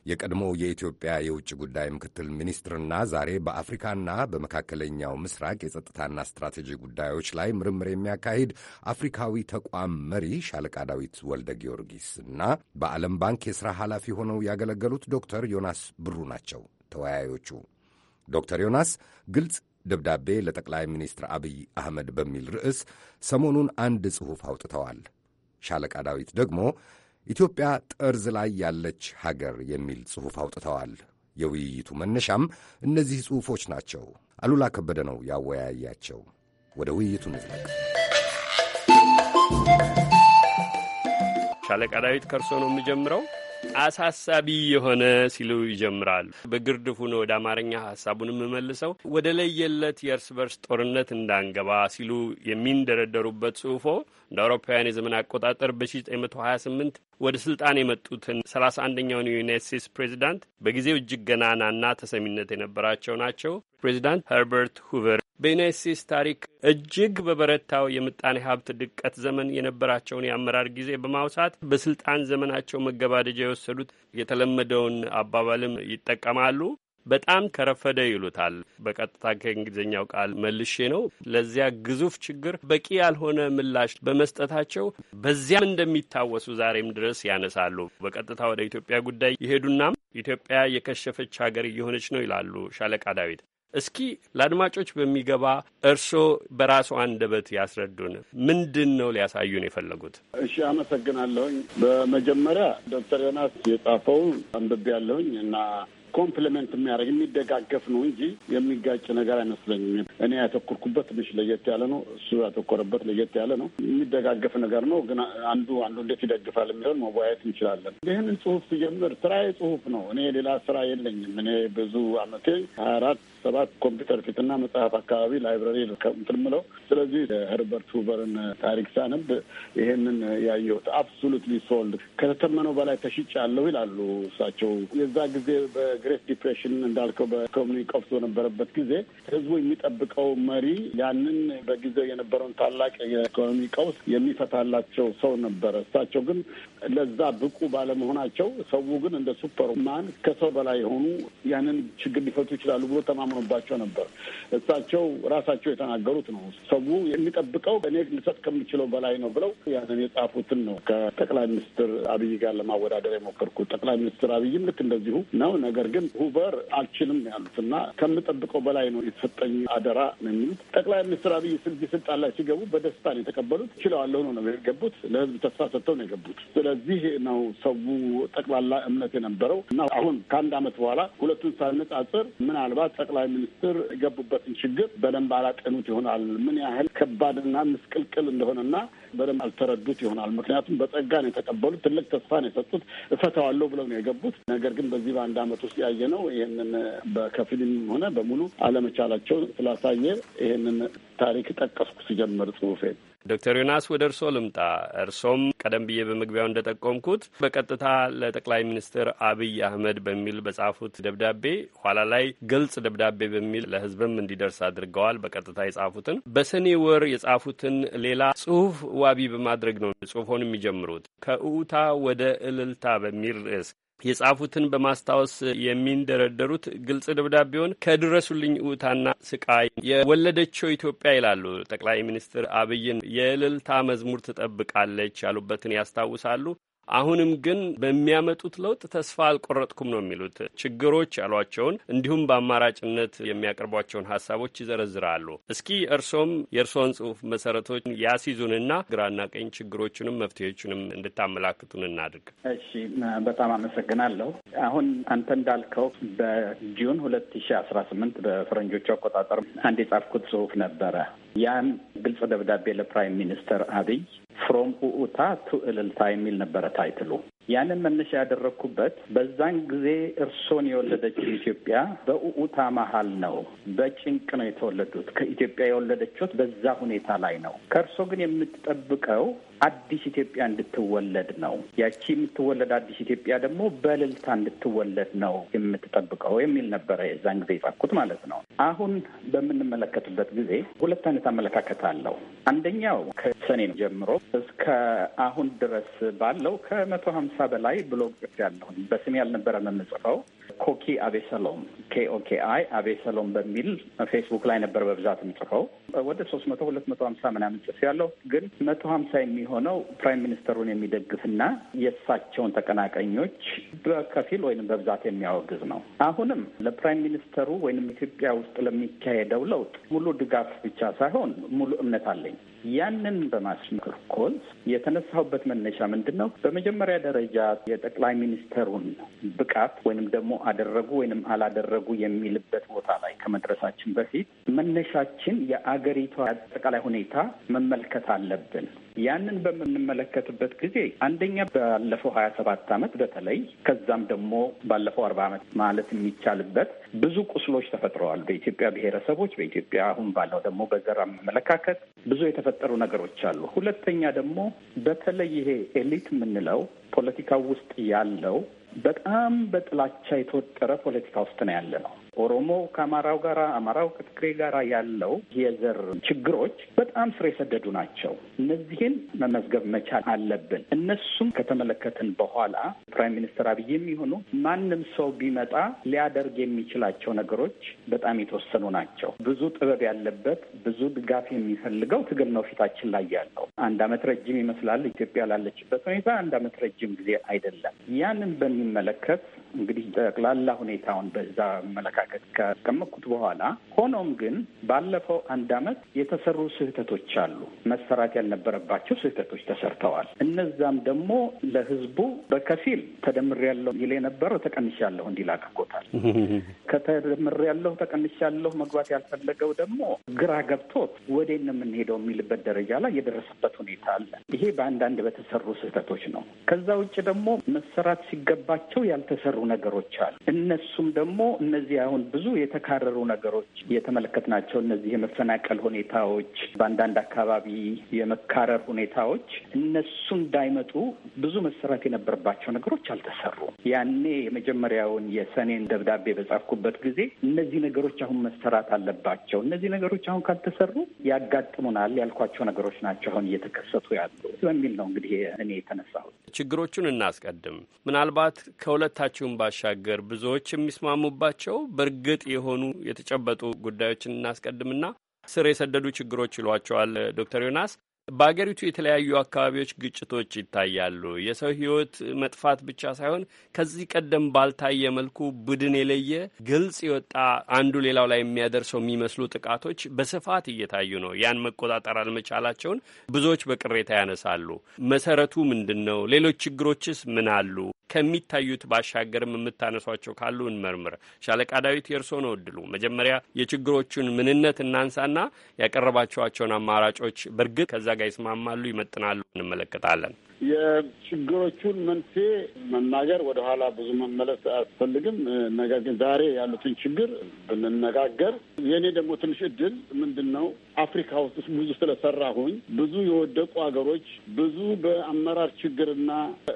የቀድሞው የኢትዮጵያ የውጭ ጉዳይ ምክትል ሚኒስትርና ዛሬ በአፍሪካና በመካከለኛው ምስራቅ የጸጥታና ስትራቴጂ ጉዳዮች ላይ ምርምር የሚያካሂድ አፍሪካዊ ተቋም መሪ ሻለቃ ዳዊት ወልደ ጊዮርጊስ እና በዓለም ባንክ የሥራ ኃላፊ ሆነው ያገለገሉት ዶክተር ዮናስ ብሩ ናቸው ተወያዮቹ። ዶክተር ዮናስ ግልጽ ደብዳቤ ለጠቅላይ ሚኒስትር አብይ አህመድ በሚል ርዕስ ሰሞኑን አንድ ጽሑፍ አውጥተዋል። ሻለቃ ዳዊት ደግሞ ኢትዮጵያ ጠርዝ ላይ ያለች ሀገር የሚል ጽሑፍ አውጥተዋል። የውይይቱ መነሻም እነዚህ ጽሑፎች ናቸው። አሉላ ከበደ ነው ያወያያቸው። ወደ ውይይቱ ንዝለቅ። ሻለቃ ዳዊት ከእርሶ ነው የምጀምረው። አሳሳቢ የሆነ ሲሉ ይጀምራሉ። በግርድፉ ነው ወደ አማርኛ ሀሳቡን የምመልሰው። ወደ ለየለት የእርስ በርስ ጦርነት እንዳንገባ ሲሉ የሚንደረደሩበት ጽሁፎ እንደ አውሮፓውያን የዘመን አቆጣጠር በ1928 ወደ ስልጣን የመጡትን 31ኛውን የዩናይት ስቴትስ ፕሬዚዳንት በጊዜው እጅግ ገናናና ተሰሚነት የነበራቸው ናቸው ፕሬዚዳንት ሀርበርት ሁቨር በዩናይት ስቴትስ ታሪክ እጅግ በበረታው የምጣኔ ሀብት ድቀት ዘመን የነበራቸውን የአመራር ጊዜ በማውሳት በስልጣን ዘመናቸው መገባደጃ የወሰዱት የተለመደውን አባባልም ይጠቀማሉ። በጣም ከረፈደ ይሉታል። በቀጥታ ከእንግሊዝኛው ቃል መልሼ ነው። ለዚያ ግዙፍ ችግር በቂ ያልሆነ ምላሽ በመስጠታቸው በዚያም እንደሚታወሱ ዛሬም ድረስ ያነሳሉ። በቀጥታ ወደ ኢትዮጵያ ጉዳይ ይሄዱናም ኢትዮጵያ የከሸፈች ሀገር እየሆነች ነው ይላሉ ሻለቃ ዳዊት። እስኪ ለአድማጮች በሚገባ እርስዎ በራሱ አንደበት ያስረዱን። ምንድን ነው ሊያሳዩን የፈለጉት? እሺ፣ አመሰግናለሁኝ። በመጀመሪያ ዶክተር ዮናስ የጻፈው አንብቤ ያለሁኝ እና ኮምፕሊመንት የሚያደርግ የሚደጋገፍ ነው እንጂ የሚጋጭ ነገር አይመስለኝም። እኔ ያተኮርኩበት ትንሽ ለየት ያለ ነው፣ እሱ ያተኮረበት ለየት ያለ ነው። የሚደጋገፍ ነገር ነው፣ ግን አንዱ አንዱ እንዴት ይደግፋል የሚለውን መወያየት እንችላለን። ይህንን ጽሁፍ ስጀምር ስራዬ ጽሁፍ ነው። እኔ ሌላ ስራ የለኝም። እኔ ብዙ አመቴ ሀያ አራት ሰባት ኮምፒውተር ፊትና መጽሐፍ አካባቢ ላይብረሪ እንትን የምለው ስለዚህ ሄርበርት ሁቨርን ታሪክ ሳነብ ይሄንን ያየሁት አብሶሉትሊ ሶልድ ከተተመነው በላይ ተሽጭ ያለው ይላሉ እሳቸው። የዛ ጊዜ በግሬት ዲፕሬሽን እንዳልከው በኢኮኖሚ ቀውስ በነበረበት ጊዜ ህዝቡ የሚጠብቀው መሪ ያንን በጊዜው የነበረውን ታላቅ የኢኮኖሚ ቀውስ የሚፈታላቸው ሰው ነበረ። እሳቸው ግን ለዛ ብቁ ባለመሆናቸው ሰው ግን እንደ ሱፐርማን ከሰው በላይ የሆኑ ያንን ችግር ሊፈቱ ይችላሉ ብሎ ተማምኖ ያምኑባቸው ነበር። እሳቸው ራሳቸው የተናገሩት ነው። ሰው የሚጠብቀው እኔ ልሰጥ ከምችለው በላይ ነው ብለው ያንን የጻፉትን ነው ከጠቅላይ ሚኒስትር አብይ ጋር ለማወዳደር የሞከርኩት። ጠቅላይ ሚኒስትር አብይም ልክ እንደዚሁ ነው። ነገር ግን ሁበር አልችልም ያሉት እና ከምጠብቀው በላይ ነው የተሰጠኝ አደራ ነው የሚሉት። ጠቅላይ ሚኒስትር አብይ ስልዚህ ስልጣን ላይ ሲገቡ በደስታ ነው የተቀበሉት። ችለዋለሁ ነው የገቡት። ለህዝብ ተስፋ ሰጥተው ነው የገቡት። ስለዚህ ነው ሰው ጠቅላላ እምነት የነበረው እና አሁን ከአንድ አመት በኋላ ሁለቱን ሳነጻጽር ምናልባት ጠቅላይ ጠቅላይ ሚኒስትር የገቡበትን ችግር በደንብ አላጤኑት ይሆናል። ምን ያህል ከባድና ምስቅልቅል እንደሆነና በደንብ አልተረዱት ይሆናል። ምክንያቱም በጸጋ ነው የተቀበሉት፣ ትልቅ ተስፋ ነው የሰጡት፣ እፈታዋለሁ ብለው ነው የገቡት። ነገር ግን በዚህ በአንድ አመት ውስጥ ያየ ነው ይህንን በከፊልም ሆነ በሙሉ አለመቻላቸው ስላሳየ ይህንን ታሪክ ጠቀስኩ ሲጀምር ጽሁፌ ዶክተር ዮናስ ወደ እርስዎ ልምጣ። እርሶም ቀደም ብዬ በመግቢያው እንደጠቆምኩት በቀጥታ ለጠቅላይ ሚኒስትር አብይ አህመድ በሚል በጻፉት ደብዳቤ ኋላ ላይ ግልጽ ደብዳቤ በሚል ለሕዝብም እንዲደርስ አድርገዋል። በቀጥታ የጻፉትን በሰኔ ወር የጻፉትን ሌላ ጽሁፍ ዋቢ በማድረግ ነው ጽሁፎን የሚጀምሩት። ከእውታ ወደ እልልታ በሚል ርዕስ የጻፉትን በማስታወስ የሚንደረደሩት ግልጽ ደብዳቤውን ከድረሱልኝ ውታና ስቃይ የወለደችው ኢትዮጵያ ይላሉ ጠቅላይ ሚኒስትር አብይን የእልልታ መዝሙር ትጠብቃለች ያሉበትን ያስታውሳሉ። አሁንም ግን በሚያመጡት ለውጥ ተስፋ አልቆረጥኩም ነው የሚሉት። ችግሮች ያሏቸውን እንዲሁም በአማራጭነት የሚያቀርቧቸውን ሀሳቦች ይዘረዝራሉ። እስኪ እርሶም የእርስዎን ጽሁፍ መሰረቶች ያስይዙንና ግራና ቀኝ ችግሮቹንም መፍትሄዎቹንም እንድታመላክቱን እናድርግ። እሺ፣ በጣም አመሰግናለሁ። አሁን አንተ እንዳልከው በጁን ሁለት ሺ አስራ ስምንት በፈረንጆቹ አቆጣጠር አንድ የጻፍኩት ጽሁፍ ነበረ። ያን ግልጽ ደብዳቤ ለፕራይም ሚኒስተር አብይ ፍሮም ኡኡታ ቱ እልልታ የሚል ነበረ ታይትሉ። ያንን መነሻ ያደረግኩበት በዛን ጊዜ እርሶን የወለደችው ኢትዮጵያ በኡኡታ መሀል ነው። በጭንቅ ነው የተወለዱት። ከኢትዮጵያ የወለደችት በዛ ሁኔታ ላይ ነው። ከእርሶ ግን የምትጠብቀው አዲስ ኢትዮጵያ እንድትወለድ ነው። ያቺ የምትወለድ አዲስ ኢትዮጵያ ደግሞ በልልታ እንድትወለድ ነው የምትጠብቀው የሚል ነበረ የዛን ጊዜ የጻፍኩት ማለት ነው። አሁን በምንመለከትበት ጊዜ ሁለት አይነት አመለካከት አለው። አንደኛው ከሰኔ ጀምሮ እስከ አሁን ድረስ ባለው ከመቶ ሀምሳ ከሀምሳ በላይ ብሎግ ጽፍ ያለሁን በስሜ ያልነበረ የምጽፈው ኮኪ አቤሰሎም ኬኦኬ አይ አቤሰሎም በሚል ፌስቡክ ላይ ነበር በብዛት የምጽፈው ወደ ሶስት መቶ ሁለት መቶ ሀምሳ ምናምን ጽፍ ያለው ግን መቶ ሀምሳ የሚሆነው ፕራይም ሚኒስተሩን የሚደግፍና የእሳቸውን ተቀናቃኞች በከፊል ወይንም በብዛት የሚያወግዝ ነው። አሁንም ለፕራይም ሚኒስተሩ ወይንም ኢትዮጵያ ውስጥ ለሚካሄደው ለውጥ ሙሉ ድጋፍ ብቻ ሳይሆን ሙሉ እምነት አለኝ። ያንን በማስመርኮዝ የተነሳሁበት መነሻ ምንድን ነው? በመጀመሪያ ደረጃ የጠቅላይ ሚኒስተሩን ብቃት ወይንም ደግሞ አደረጉ ወይንም አላደረጉ የሚልበት ቦታ ላይ ከመድረሳችን በፊት መነሻችን የአገሪቷ አጠቃላይ ሁኔታ መመልከት አለብን። ያንን በምንመለከትበት ጊዜ አንደኛ ባለፈው ሀያ ሰባት አመት በተለይ ከዛም ደግሞ ባለፈው አርባ አመት ማለት የሚቻልበት ብዙ ቁስሎች ተፈጥረዋል። በኢትዮጵያ ብሔረሰቦች፣ በኢትዮጵያ አሁን ባለው ደግሞ በዘር አመለካከት ብዙ የተፈጠሩ ነገሮች አሉ። ሁለተኛ ደግሞ በተለይ ይሄ ኤሊት የምንለው ፖለቲካ ውስጥ ያለው በጣም በጥላቻ የተወጠረ ፖለቲካ ውስጥ ነው ያለ ነው። ኦሮሞ ከአማራው ጋር፣ አማራው ከትግሬ ጋር ያለው የዘር ችግሮች በጣም ስር የሰደዱ ናቸው። እነዚህን መመዝገብ መቻል አለብን። እነሱም ከተመለከትን በኋላ ፕራይም ሚኒስትር አብይ የሚሆኑ ማንም ሰው ቢመጣ ሊያደርግ የሚችላቸው ነገሮች በጣም የተወሰኑ ናቸው። ብዙ ጥበብ ያለበት ብዙ ድጋፍ የሚፈልገው ትግል ነው ፊታችን ላይ ያለው። አንድ አመት ረጅም ይመስላል ኢትዮጵያ ላለችበት ሁኔታ አንድ አመት ረጅም ጊዜ አይደለም። ያንን በሚመለከት እንግዲህ ጠቅላላ ሁኔታውን በዛ መለካ አመለካከት ካስቀመጥኩት በኋላ ሆኖም ግን ባለፈው አንድ አመት የተሰሩ ስህተቶች አሉ። መሰራት ያልነበረባቸው ስህተቶች ተሰርተዋል። እነዛም ደግሞ ለህዝቡ በከፊል ተደምር ያለው ይል የነበረው ተቀንሻለሁ እንዲል አድርጎታል። [laughs] ከተደምር ያለሁ ተቀንሻለሁ መግባት ያልፈለገው ደግሞ ግራ ገብቶት ወዴት ነው የምንሄደው የሚልበት ደረጃ ላይ የደረሰበት ሁኔታ አለ። ይሄ በአንዳንድ በተሰሩ ስህተቶች ነው። ከዛ ውጭ ደግሞ መሰራት ሲገባቸው ያልተሰሩ ነገሮች አሉ። እነሱም ደግሞ እነዚህ አሁን ብዙ የተካረሩ ነገሮች ናቸው እነዚህ የመፈናቀል ሁኔታዎች፣ በአንዳንድ አካባቢ የመካረር ሁኔታዎች እነሱ እንዳይመጡ ብዙ መሰራት የነበረባቸው ነገሮች አልተሰሩም። ያኔ የመጀመሪያውን የሰኔን ደብዳቤ በጻፍኩበት ጊዜ እነዚህ ነገሮች አሁን መሰራት አለባቸው፣ እነዚህ ነገሮች አሁን ካልተሰሩ ያጋጥሙናል ያልኳቸው ነገሮች ናቸው አሁን እየተከሰቱ ያሉ በሚል ነው እንግዲህ እኔ የተነሳሁት። ችግሮቹን እናስቀድም። ምናልባት ከሁለታችሁም ባሻገር ብዙዎች የሚስማሙባቸው በ እርግጥ የሆኑ የተጨበጡ ጉዳዮችን እናስቀድምና ስር የሰደዱ ችግሮች ይሏቸዋል ዶክተር ዮናስ በአገሪቱ የተለያዩ አካባቢዎች ግጭቶች ይታያሉ። የሰው ሕይወት መጥፋት ብቻ ሳይሆን ከዚህ ቀደም ባልታየ መልኩ ቡድን የለየ ግልጽ የወጣ አንዱ ሌላው ላይ የሚያደርሰው የሚመስሉ ጥቃቶች በስፋት እየታዩ ነው። ያን መቆጣጠር አልመቻላቸውን ብዙዎች በቅሬታ ያነሳሉ። መሰረቱ ምንድን ነው? ሌሎች ችግሮችስ ምን አሉ? ከሚታዩት ባሻገርም የምታነሷቸው ካሉ እንመርምር። ሻለቃ ዳዊት የእርሶ ነው እድሉ። መጀመሪያ የችግሮቹን ምንነት እናንሳና ያቀረባቸዋቸውን አማራጮች በእርግጥ ከዛ ጋር ይስማማሉ፣ ይመጥናሉ? እንመለከታለን። የችግሮቹን መንስኤ መናገር ወደኋላ ብዙ መመለስ አያስፈልግም። ነገር ግን ዛሬ ያሉትን ችግር ብንነጋገር የእኔ ደግሞ ትንሽ እድል ምንድን ነው አፍሪካ ውስጥ ብዙ ስለሰራሁኝ ብዙ የወደቁ ሀገሮች ብዙ በአመራር ችግርና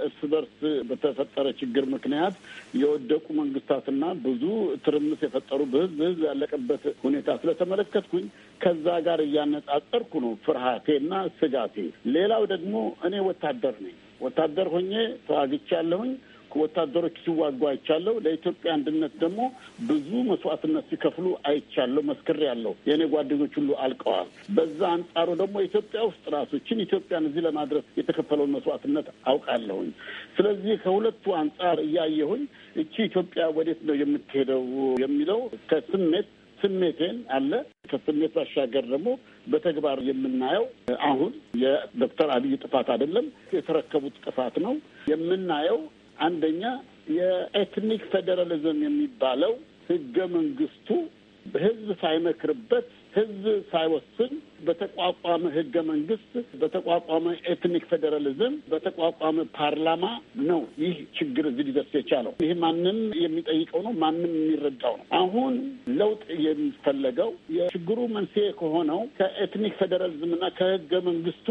እርስ በርስ በተፈጠረ ችግር ምክንያት የወደቁ መንግስታትና ብዙ ትርምስ የፈጠሩ በህዝብ ህዝብ ያለቀበት ሁኔታ ስለተመለከትኩኝ ከዛ ጋር እያነጻጸርኩ ነው ፍርሃቴና ስጋቴ። ሌላው ደግሞ እኔ ወታደር ወታደር ነኝ። ወታደር ሆኜ ተዋግቻለሁኝ። ወታደሮች ሲዋጉ አይቻለሁ። ለኢትዮጵያ አንድነት ደግሞ ብዙ መስዋዕትነት ሲከፍሉ አይቻለሁ፣ መስክሬያለሁ። የእኔ ጓደኞች ሁሉ አልቀዋል። በዛ አንጻሩ ደግሞ ኢትዮጵያ ውስጥ ራሶችን ኢትዮጵያን እዚህ ለማድረስ የተከፈለውን መስዋዕትነት አውቃለሁኝ። ስለዚህ ከሁለቱ አንጻር እያየሁኝ እቺ ኢትዮጵያ ወዴት ነው የምትሄደው የሚለው ከስሜት ስሜቴን አለ ከስሜት ባሻገር ደግሞ በተግባር የምናየው አሁን የዶክተር አብይ ጥፋት አይደለም፣ የተረከቡት ጥፋት ነው የምናየው። አንደኛ የኤትኒክ ፌዴራሊዝም የሚባለው ህገ መንግስቱ ህዝብ ሳይመክርበት ህዝብ ሳይወስን በተቋቋመ ህገ መንግስት፣ በተቋቋመ ኤትኒክ ፌዴራሊዝም፣ በተቋቋመ ፓርላማ ነው ይህ ችግር እዚህ ሊደርስ የቻለው። ይህ ማንም የሚጠይቀው ነው፣ ማንም የሚረዳው ነው። አሁን ለውጥ የሚፈለገው የችግሩ መንስኤ ከሆነው ከኤትኒክ ፌዴራሊዝም እና ከህገ መንግስቱ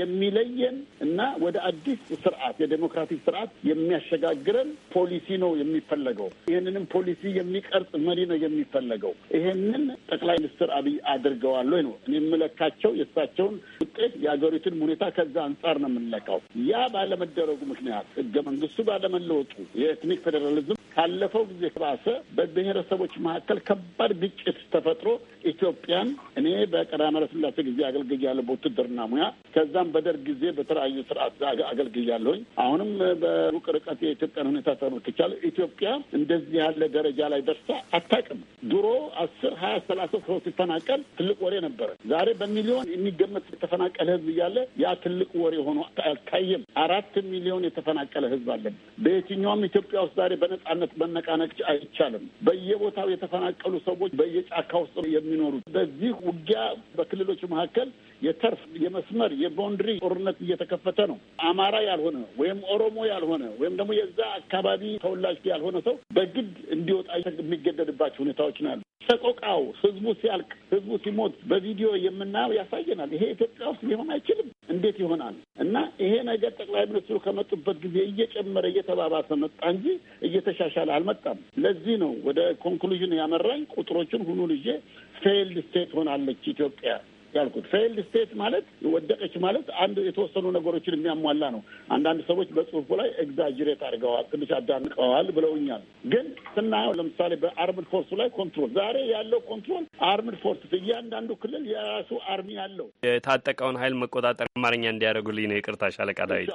የሚለየን እና ወደ አዲስ ስርዓት የዴሞክራቲክ ስርዓት የሚያሸጋግረን ፖሊሲ ነው የሚፈለገው። ይህንንም ፖሊሲ የሚቀርጽ መሪ ነው የሚፈለገው። ይሄንን ጠቅላይ ሚኒስትር አብይ አድርገዋል ወይ ነው እኔ የምለካቸው የእሳቸውን ውጤት የሀገሪቱን ሁኔታ ከዛ አንጻር ነው የምንለካው። ያ ባለመደረጉ ምክንያት ህገ መንግስቱ ባለመለወጡ የኤትኒክ ፌዴራሊዝም ካለፈው ጊዜ ባሰ በብሔረሰቦች መካከል ከባድ ግጭት ተፈጥሮ ኢትዮጵያን እኔ በቀዳማዊ ሥላሴ ጊዜ አገልግያለሁ በውትድርና ሙያ። ከዛም በደርግ ጊዜ በተለያዩ ስርዓት አገልግያለሁኝ። አሁንም በሩቅ ርቀት የኢትዮጵያን ሁኔታ ተመልክቻለሁ። ኢትዮጵያ እንደዚህ ያለ ደረጃ ላይ ደርሳ አታውቅም። ድሮ አስር ሀያ ሰላሳ ሰው ሲፈናቀል ትልቅ ወሬ ነበረ። ዛሬ በሚሊዮን የሚገመት የተፈናቀለ ህዝብ እያለ ያ ትልቅ ወሬ ሆኖ አልታየም። አራት ሚሊዮን የተፈናቀለ ህዝብ አለን። በየትኛውም ኢትዮጵያ ውስጥ ዛሬ በነጻነት በጦርነት መነቃነቅ አይቻልም። በየቦታው የተፈናቀሉ ሰዎች በየጫካ ውስጥ የሚኖሩት በዚህ ውጊያ በክልሎች መካከል የተርፍ የመስመር የቦንድሪ ጦርነት እየተከፈተ ነው። አማራ ያልሆነ ወይም ኦሮሞ ያልሆነ ወይም ደግሞ የዛ አካባቢ ተወላጅ ያልሆነ ሰው በግድ እንዲወጣ የሚገደድባቸው ሁኔታዎች ናሉ። ሰቆቃው ህዝቡ ሲያልቅ፣ ህዝቡ ሲሞት በቪዲዮ የምናየው ያሳየናል። ይሄ ኢትዮጵያ ውስጥ ሊሆን አይችልም። እንዴት ይሆናል? እና ይሄ ነገር ጠቅላይ ሚኒስትሩ ከመጡበት ጊዜ እየጨመረ እየተባባሰ መጣ እንጂ እየተሻሻለ አልመጣም። ለዚህ ነው ወደ ኮንክሉዥን ያመራኝ ቁጥሮችን ሁሉ ልጄ ፌይልድ ስቴት ሆናለች ኢትዮጵያ ያልኩት ፌይልድ ስቴት ማለት ወደቀች ማለት አንድ የተወሰኑ ነገሮችን የሚያሟላ ነው። አንዳንድ ሰዎች በጽሁፉ ላይ ኤግዛጅሬት አድርገዋል፣ ትንሽ አዳንቀዋል ብለውኛል። ግን ስናየው ለምሳሌ በአርምድ ፎርሱ ላይ ኮንትሮል፣ ዛሬ ያለው ኮንትሮል አርምድ ፎርስ፣ እያንዳንዱ ክልል የራሱ አርሚ አለው። የታጠቀውን ኃይል መቆጣጠር አማርኛ እንዲያደርጉልኝ ነው። ይቅርታ ሻለቃ ዳዊት።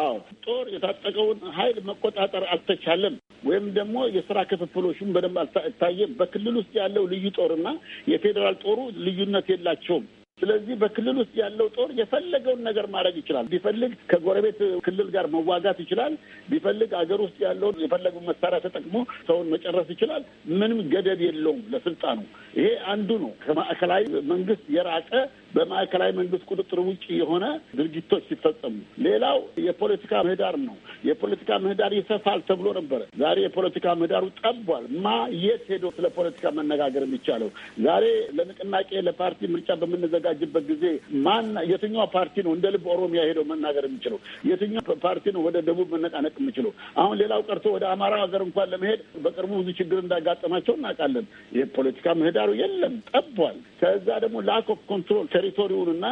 አዎ ጦር የታጠቀውን ኃይል መቆጣጠር አልተቻለም። ወይም ደግሞ የስራ ክፍፍሎቹም በደንብ አልታየም። በክልል ውስጥ ያለው ልዩ ጦርና የፌዴራል ጦሩ ልዩነት የላቸውም። ስለዚህ በክልል ውስጥ ያለው ጦር የፈለገውን ነገር ማድረግ ይችላል። ቢፈልግ ከጎረቤት ክልል ጋር መዋጋት ይችላል። ቢፈልግ አገር ውስጥ ያለውን የፈለገውን መሳሪያ ተጠቅሞ ሰውን መጨረስ ይችላል። ምንም ገደብ የለውም ለስልጣኑ። ይሄ አንዱ ነው። ከማዕከላዊ መንግስት የራቀ በማዕከላዊ መንግስት ቁጥጥር ውጭ የሆነ ድርጊቶች ሲፈጸሙ፣ ሌላው የፖለቲካ ምህዳር ነው። የፖለቲካ ምህዳር ይሰፋል ተብሎ ነበረ። ዛሬ የፖለቲካ ምህዳሩ ጠቧል። ማ የት ሄዶ ስለ ፖለቲካ መነጋገር የሚቻለው ዛሬ ለንቅናቄ ለፓርቲ ምርጫ በምንዘ በሚዘጋጅበት ጊዜ ማን የትኛው ፓርቲ ነው እንደ ልብ ኦሮሚያ ሄደው መናገር የሚችለው? የትኛው ፓርቲ ነው ወደ ደቡብ መነቃነቅ የሚችለው? አሁን ሌላው ቀርቶ ወደ አማራ ሀገር እንኳን ለመሄድ በቅርቡ ብዙ ችግር እንዳጋጠማቸው እናውቃለን። የፖለቲካ ምህዳሩ የለም፣ ጠቧል። ከዛ ደግሞ ላክ ኦፍ ኮንትሮል እና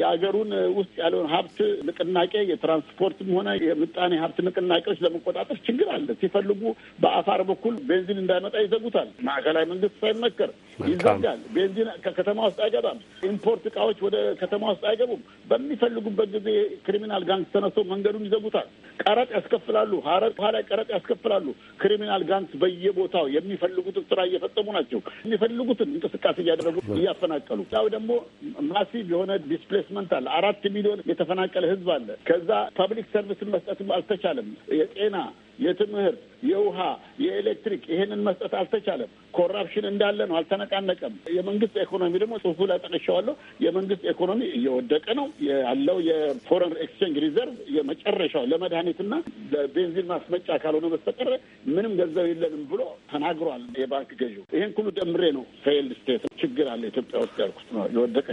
የሀገሩን ውስጥ ያለውን ሀብት ንቅናቄ የትራንስፖርትም ሆነ የምጣኔ ሀብት ንቅናቄዎች ለመቆጣጠር ችግር አለ። ሲፈልጉ በአፋር በኩል ቤንዚን እንዳይመጣ ይዘጉታል። ማዕከላዊ መንግስት ሳይመከር ይዘጋል። ቤንዚን ከከተማ ውስጥ አይገባም። ኢምፖርት የኤክስፖርት እቃዎች ወደ ከተማ ውስጥ አይገቡም። በሚፈልጉበት ጊዜ ክሪሚናል ጋንግስ ተነስቶ መንገዱን ይዘጉታል። ቀረጥ ያስከፍላሉ። ሀረር ኋላ ቀረጥ ያስከፍላሉ። ክሪሚናል ጋንግስ በየቦታው የሚፈልጉትን ስራ እየፈጸሙ ናቸው። የሚፈልጉትን እንቅስቃሴ እያደረጉ እያፈናቀሉ፣ ያው ደግሞ ማሲቭ የሆነ ዲስፕሌስመንት አለ። አራት ሚሊዮን የተፈናቀለ ህዝብ አለ። ከዛ ፐብሊክ ሰርቪስን መስጠትም አልተቻለም። የጤና የትምህርት፣ የውሃ፣ የኤሌክትሪክ ይሄንን መስጠት አልተቻለም። ኮራፕሽን እንዳለ ነው፣ አልተነቃነቀም። የመንግስት ኢኮኖሚ ደግሞ ጽሁፉ ላይ ጠቅሼዋለሁ። የመንግስት ኢኮኖሚ እየወደቀ ነው ያለው። የፎረን ኤክስቼንጅ ሪዘርቭ የመጨረሻው ለመድኃኒትና ለቤንዚን ማስመጫ ካልሆነ በስተቀረ ምንም ገንዘብ የለንም ብሎ ተናግሯል የባንክ ገዢው። ይህን ሁሉ ደምሬ ነው ፌይልድ ስቴት ችግር አለ ኢትዮጵያ ውስጥ ያልኩት ነው።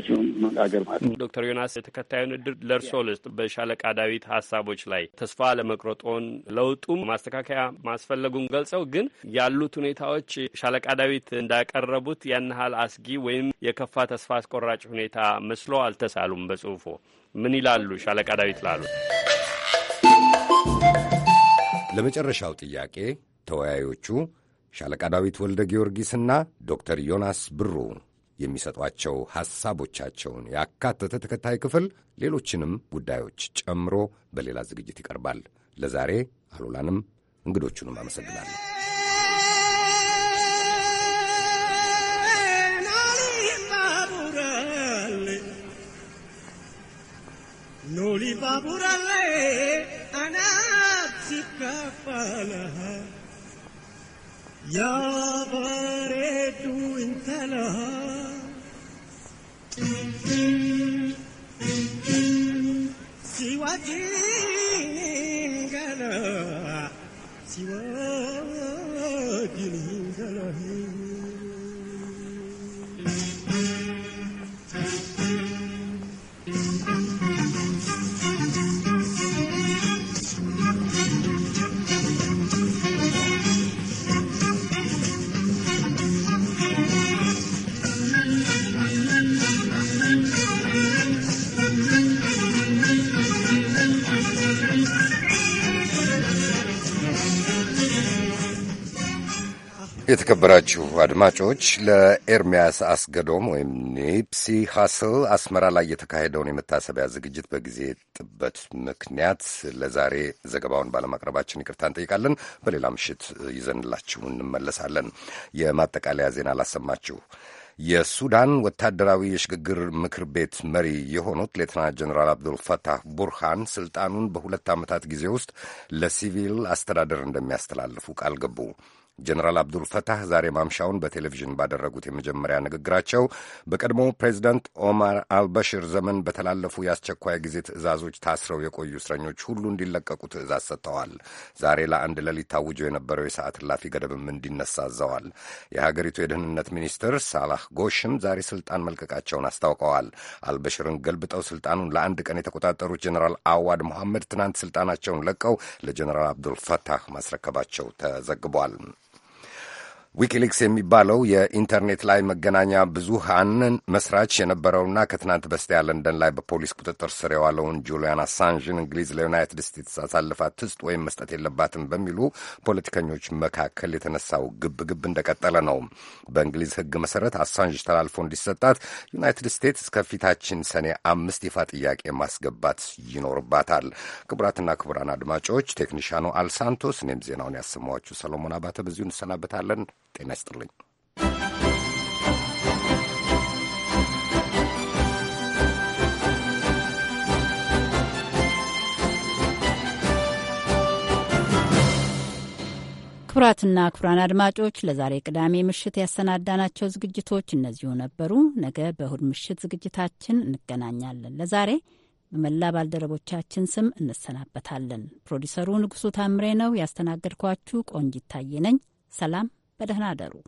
ሲሆን አገር ማለት ነው። ዶክተር ዮናስ የተከታዩን እድል ለእርሶ ልስጥ። በሻለቃ ዳዊት ሀሳቦች ላይ ተስፋ ለመቁረጦን ለውጡም ማስተካከያ ማስፈለጉን ገልጸው ግን ያሉት ሁኔታዎች ሻለቃ ዳዊት እንዳቀረቡት ያን ያህል አስጊ ወይም የከፋ ተስፋ አስቆራጭ ሁኔታ መስሎ አልተሳሉም። በጽሁፎ ምን ይላሉ ሻለቃ ዳዊት ላሉት ለመጨረሻው ጥያቄ ተወያዮቹ ሻለቃ ዳዊት ወልደ ጊዮርጊስና ዶክተር ዮናስ ብሩ የሚሰጧቸው ሐሳቦቻቸውን ያካተተ ተከታይ ክፍል ሌሎችንም ጉዳዮች ጨምሮ በሌላ ዝግጅት ይቀርባል። ለዛሬ አሉላንም እንግዶቹንም አመሰግናለሁ። ኖሊ ባቡራ ላይ አናት ሲካፈል ያበሬዱ እንተላ ሲዋጂኒ Siwa dini የተከበራችሁ አድማጮች ለኤርሚያስ አስገዶም ወይም ኒፕሲ ሀስል አስመራ ላይ የተካሄደውን የመታሰቢያ ዝግጅት በጊዜ ጥበት ምክንያት ለዛሬ ዘገባውን ባለማቅረባችን ይቅርታ እንጠይቃለን። በሌላ ምሽት ይዘንላችሁ እንመለሳለን። የማጠቃለያ ዜና አላሰማችሁ። የሱዳን ወታደራዊ የሽግግር ምክር ቤት መሪ የሆኑት ሌተና ጀኔራል አብዱልፈታህ ቡርሃን ስልጣኑን በሁለት ዓመታት ጊዜ ውስጥ ለሲቪል አስተዳደር እንደሚያስተላልፉ ቃል ገቡ። ጀነራል አብዱል ፈታህ ዛሬ ማምሻውን በቴሌቪዥን ባደረጉት የመጀመሪያ ንግግራቸው በቀድሞው ፕሬዚደንት ኦማር አልበሽር ዘመን በተላለፉ የአስቸኳይ ጊዜ ትዕዛዞች ታስረው የቆዩ እስረኞች ሁሉ እንዲለቀቁ ትእዛዝ ሰጥተዋል። ዛሬ ለአንድ ሌሊት ታውጆ የነበረው የሰዓት እላፊ ገደብም እንዲነሳ አዘዋል። የሀገሪቱ የደህንነት ሚኒስትር ሳላህ ጎሽም ዛሬ ስልጣን መልቀቃቸውን አስታውቀዋል። አልበሽርን ገልብጠው ስልጣኑን ለአንድ ቀን የተቆጣጠሩት ጀነራል አዋድ መሐመድ ትናንት ስልጣናቸውን ለቀው ለጀነራል አብዱል ፈታህ ማስረከባቸው ተዘግቧል። ዊኪሊክስ የሚባለው የኢንተርኔት ላይ መገናኛ ብዙሃንን መስራች የነበረውና ከትናንት በስቲያ ለንደን ላይ በፖሊስ ቁጥጥር ስር የዋለውን ጁሊያን አሳንዥን እንግሊዝ ለዩናይትድ ስቴትስ አሳልፋ ትስጥ ወይም መስጠት የለባትም በሚሉ ፖለቲከኞች መካከል የተነሳው ግብግብ እንደቀጠለ ነው። በእንግሊዝ ሕግ መሰረት አሳንዥ ተላልፎ እንዲሰጣት ዩናይትድ ስቴትስ ከፊታችን ሰኔ አምስት ይፋ ጥያቄ ማስገባት ይኖርባታል። ክቡራትና ክቡራን አድማጮች ቴክኒሻኑ አልሳንቶስ፣ እኔም ዜናውን ያሰማኋችሁ ሰሎሞን አባተ በዚሁ እንሰናበታለን። ጤና ይስጥልኝ። ክቡራትና ክቡራን አድማጮች ለዛሬ ቅዳሜ ምሽት ያሰናዳናቸው ዝግጅቶች እነዚሁ ነበሩ። ነገ በእሁድ ምሽት ዝግጅታችን እንገናኛለን። ለዛሬ በመላ ባልደረቦቻችን ስም እንሰናበታለን። ፕሮዲሰሩ ንጉሱ ታምሬ ነው። ያስተናገድኳችሁ ቆንጂት ይታየነኝ ነኝ። ሰላም። በደህና አደሩ።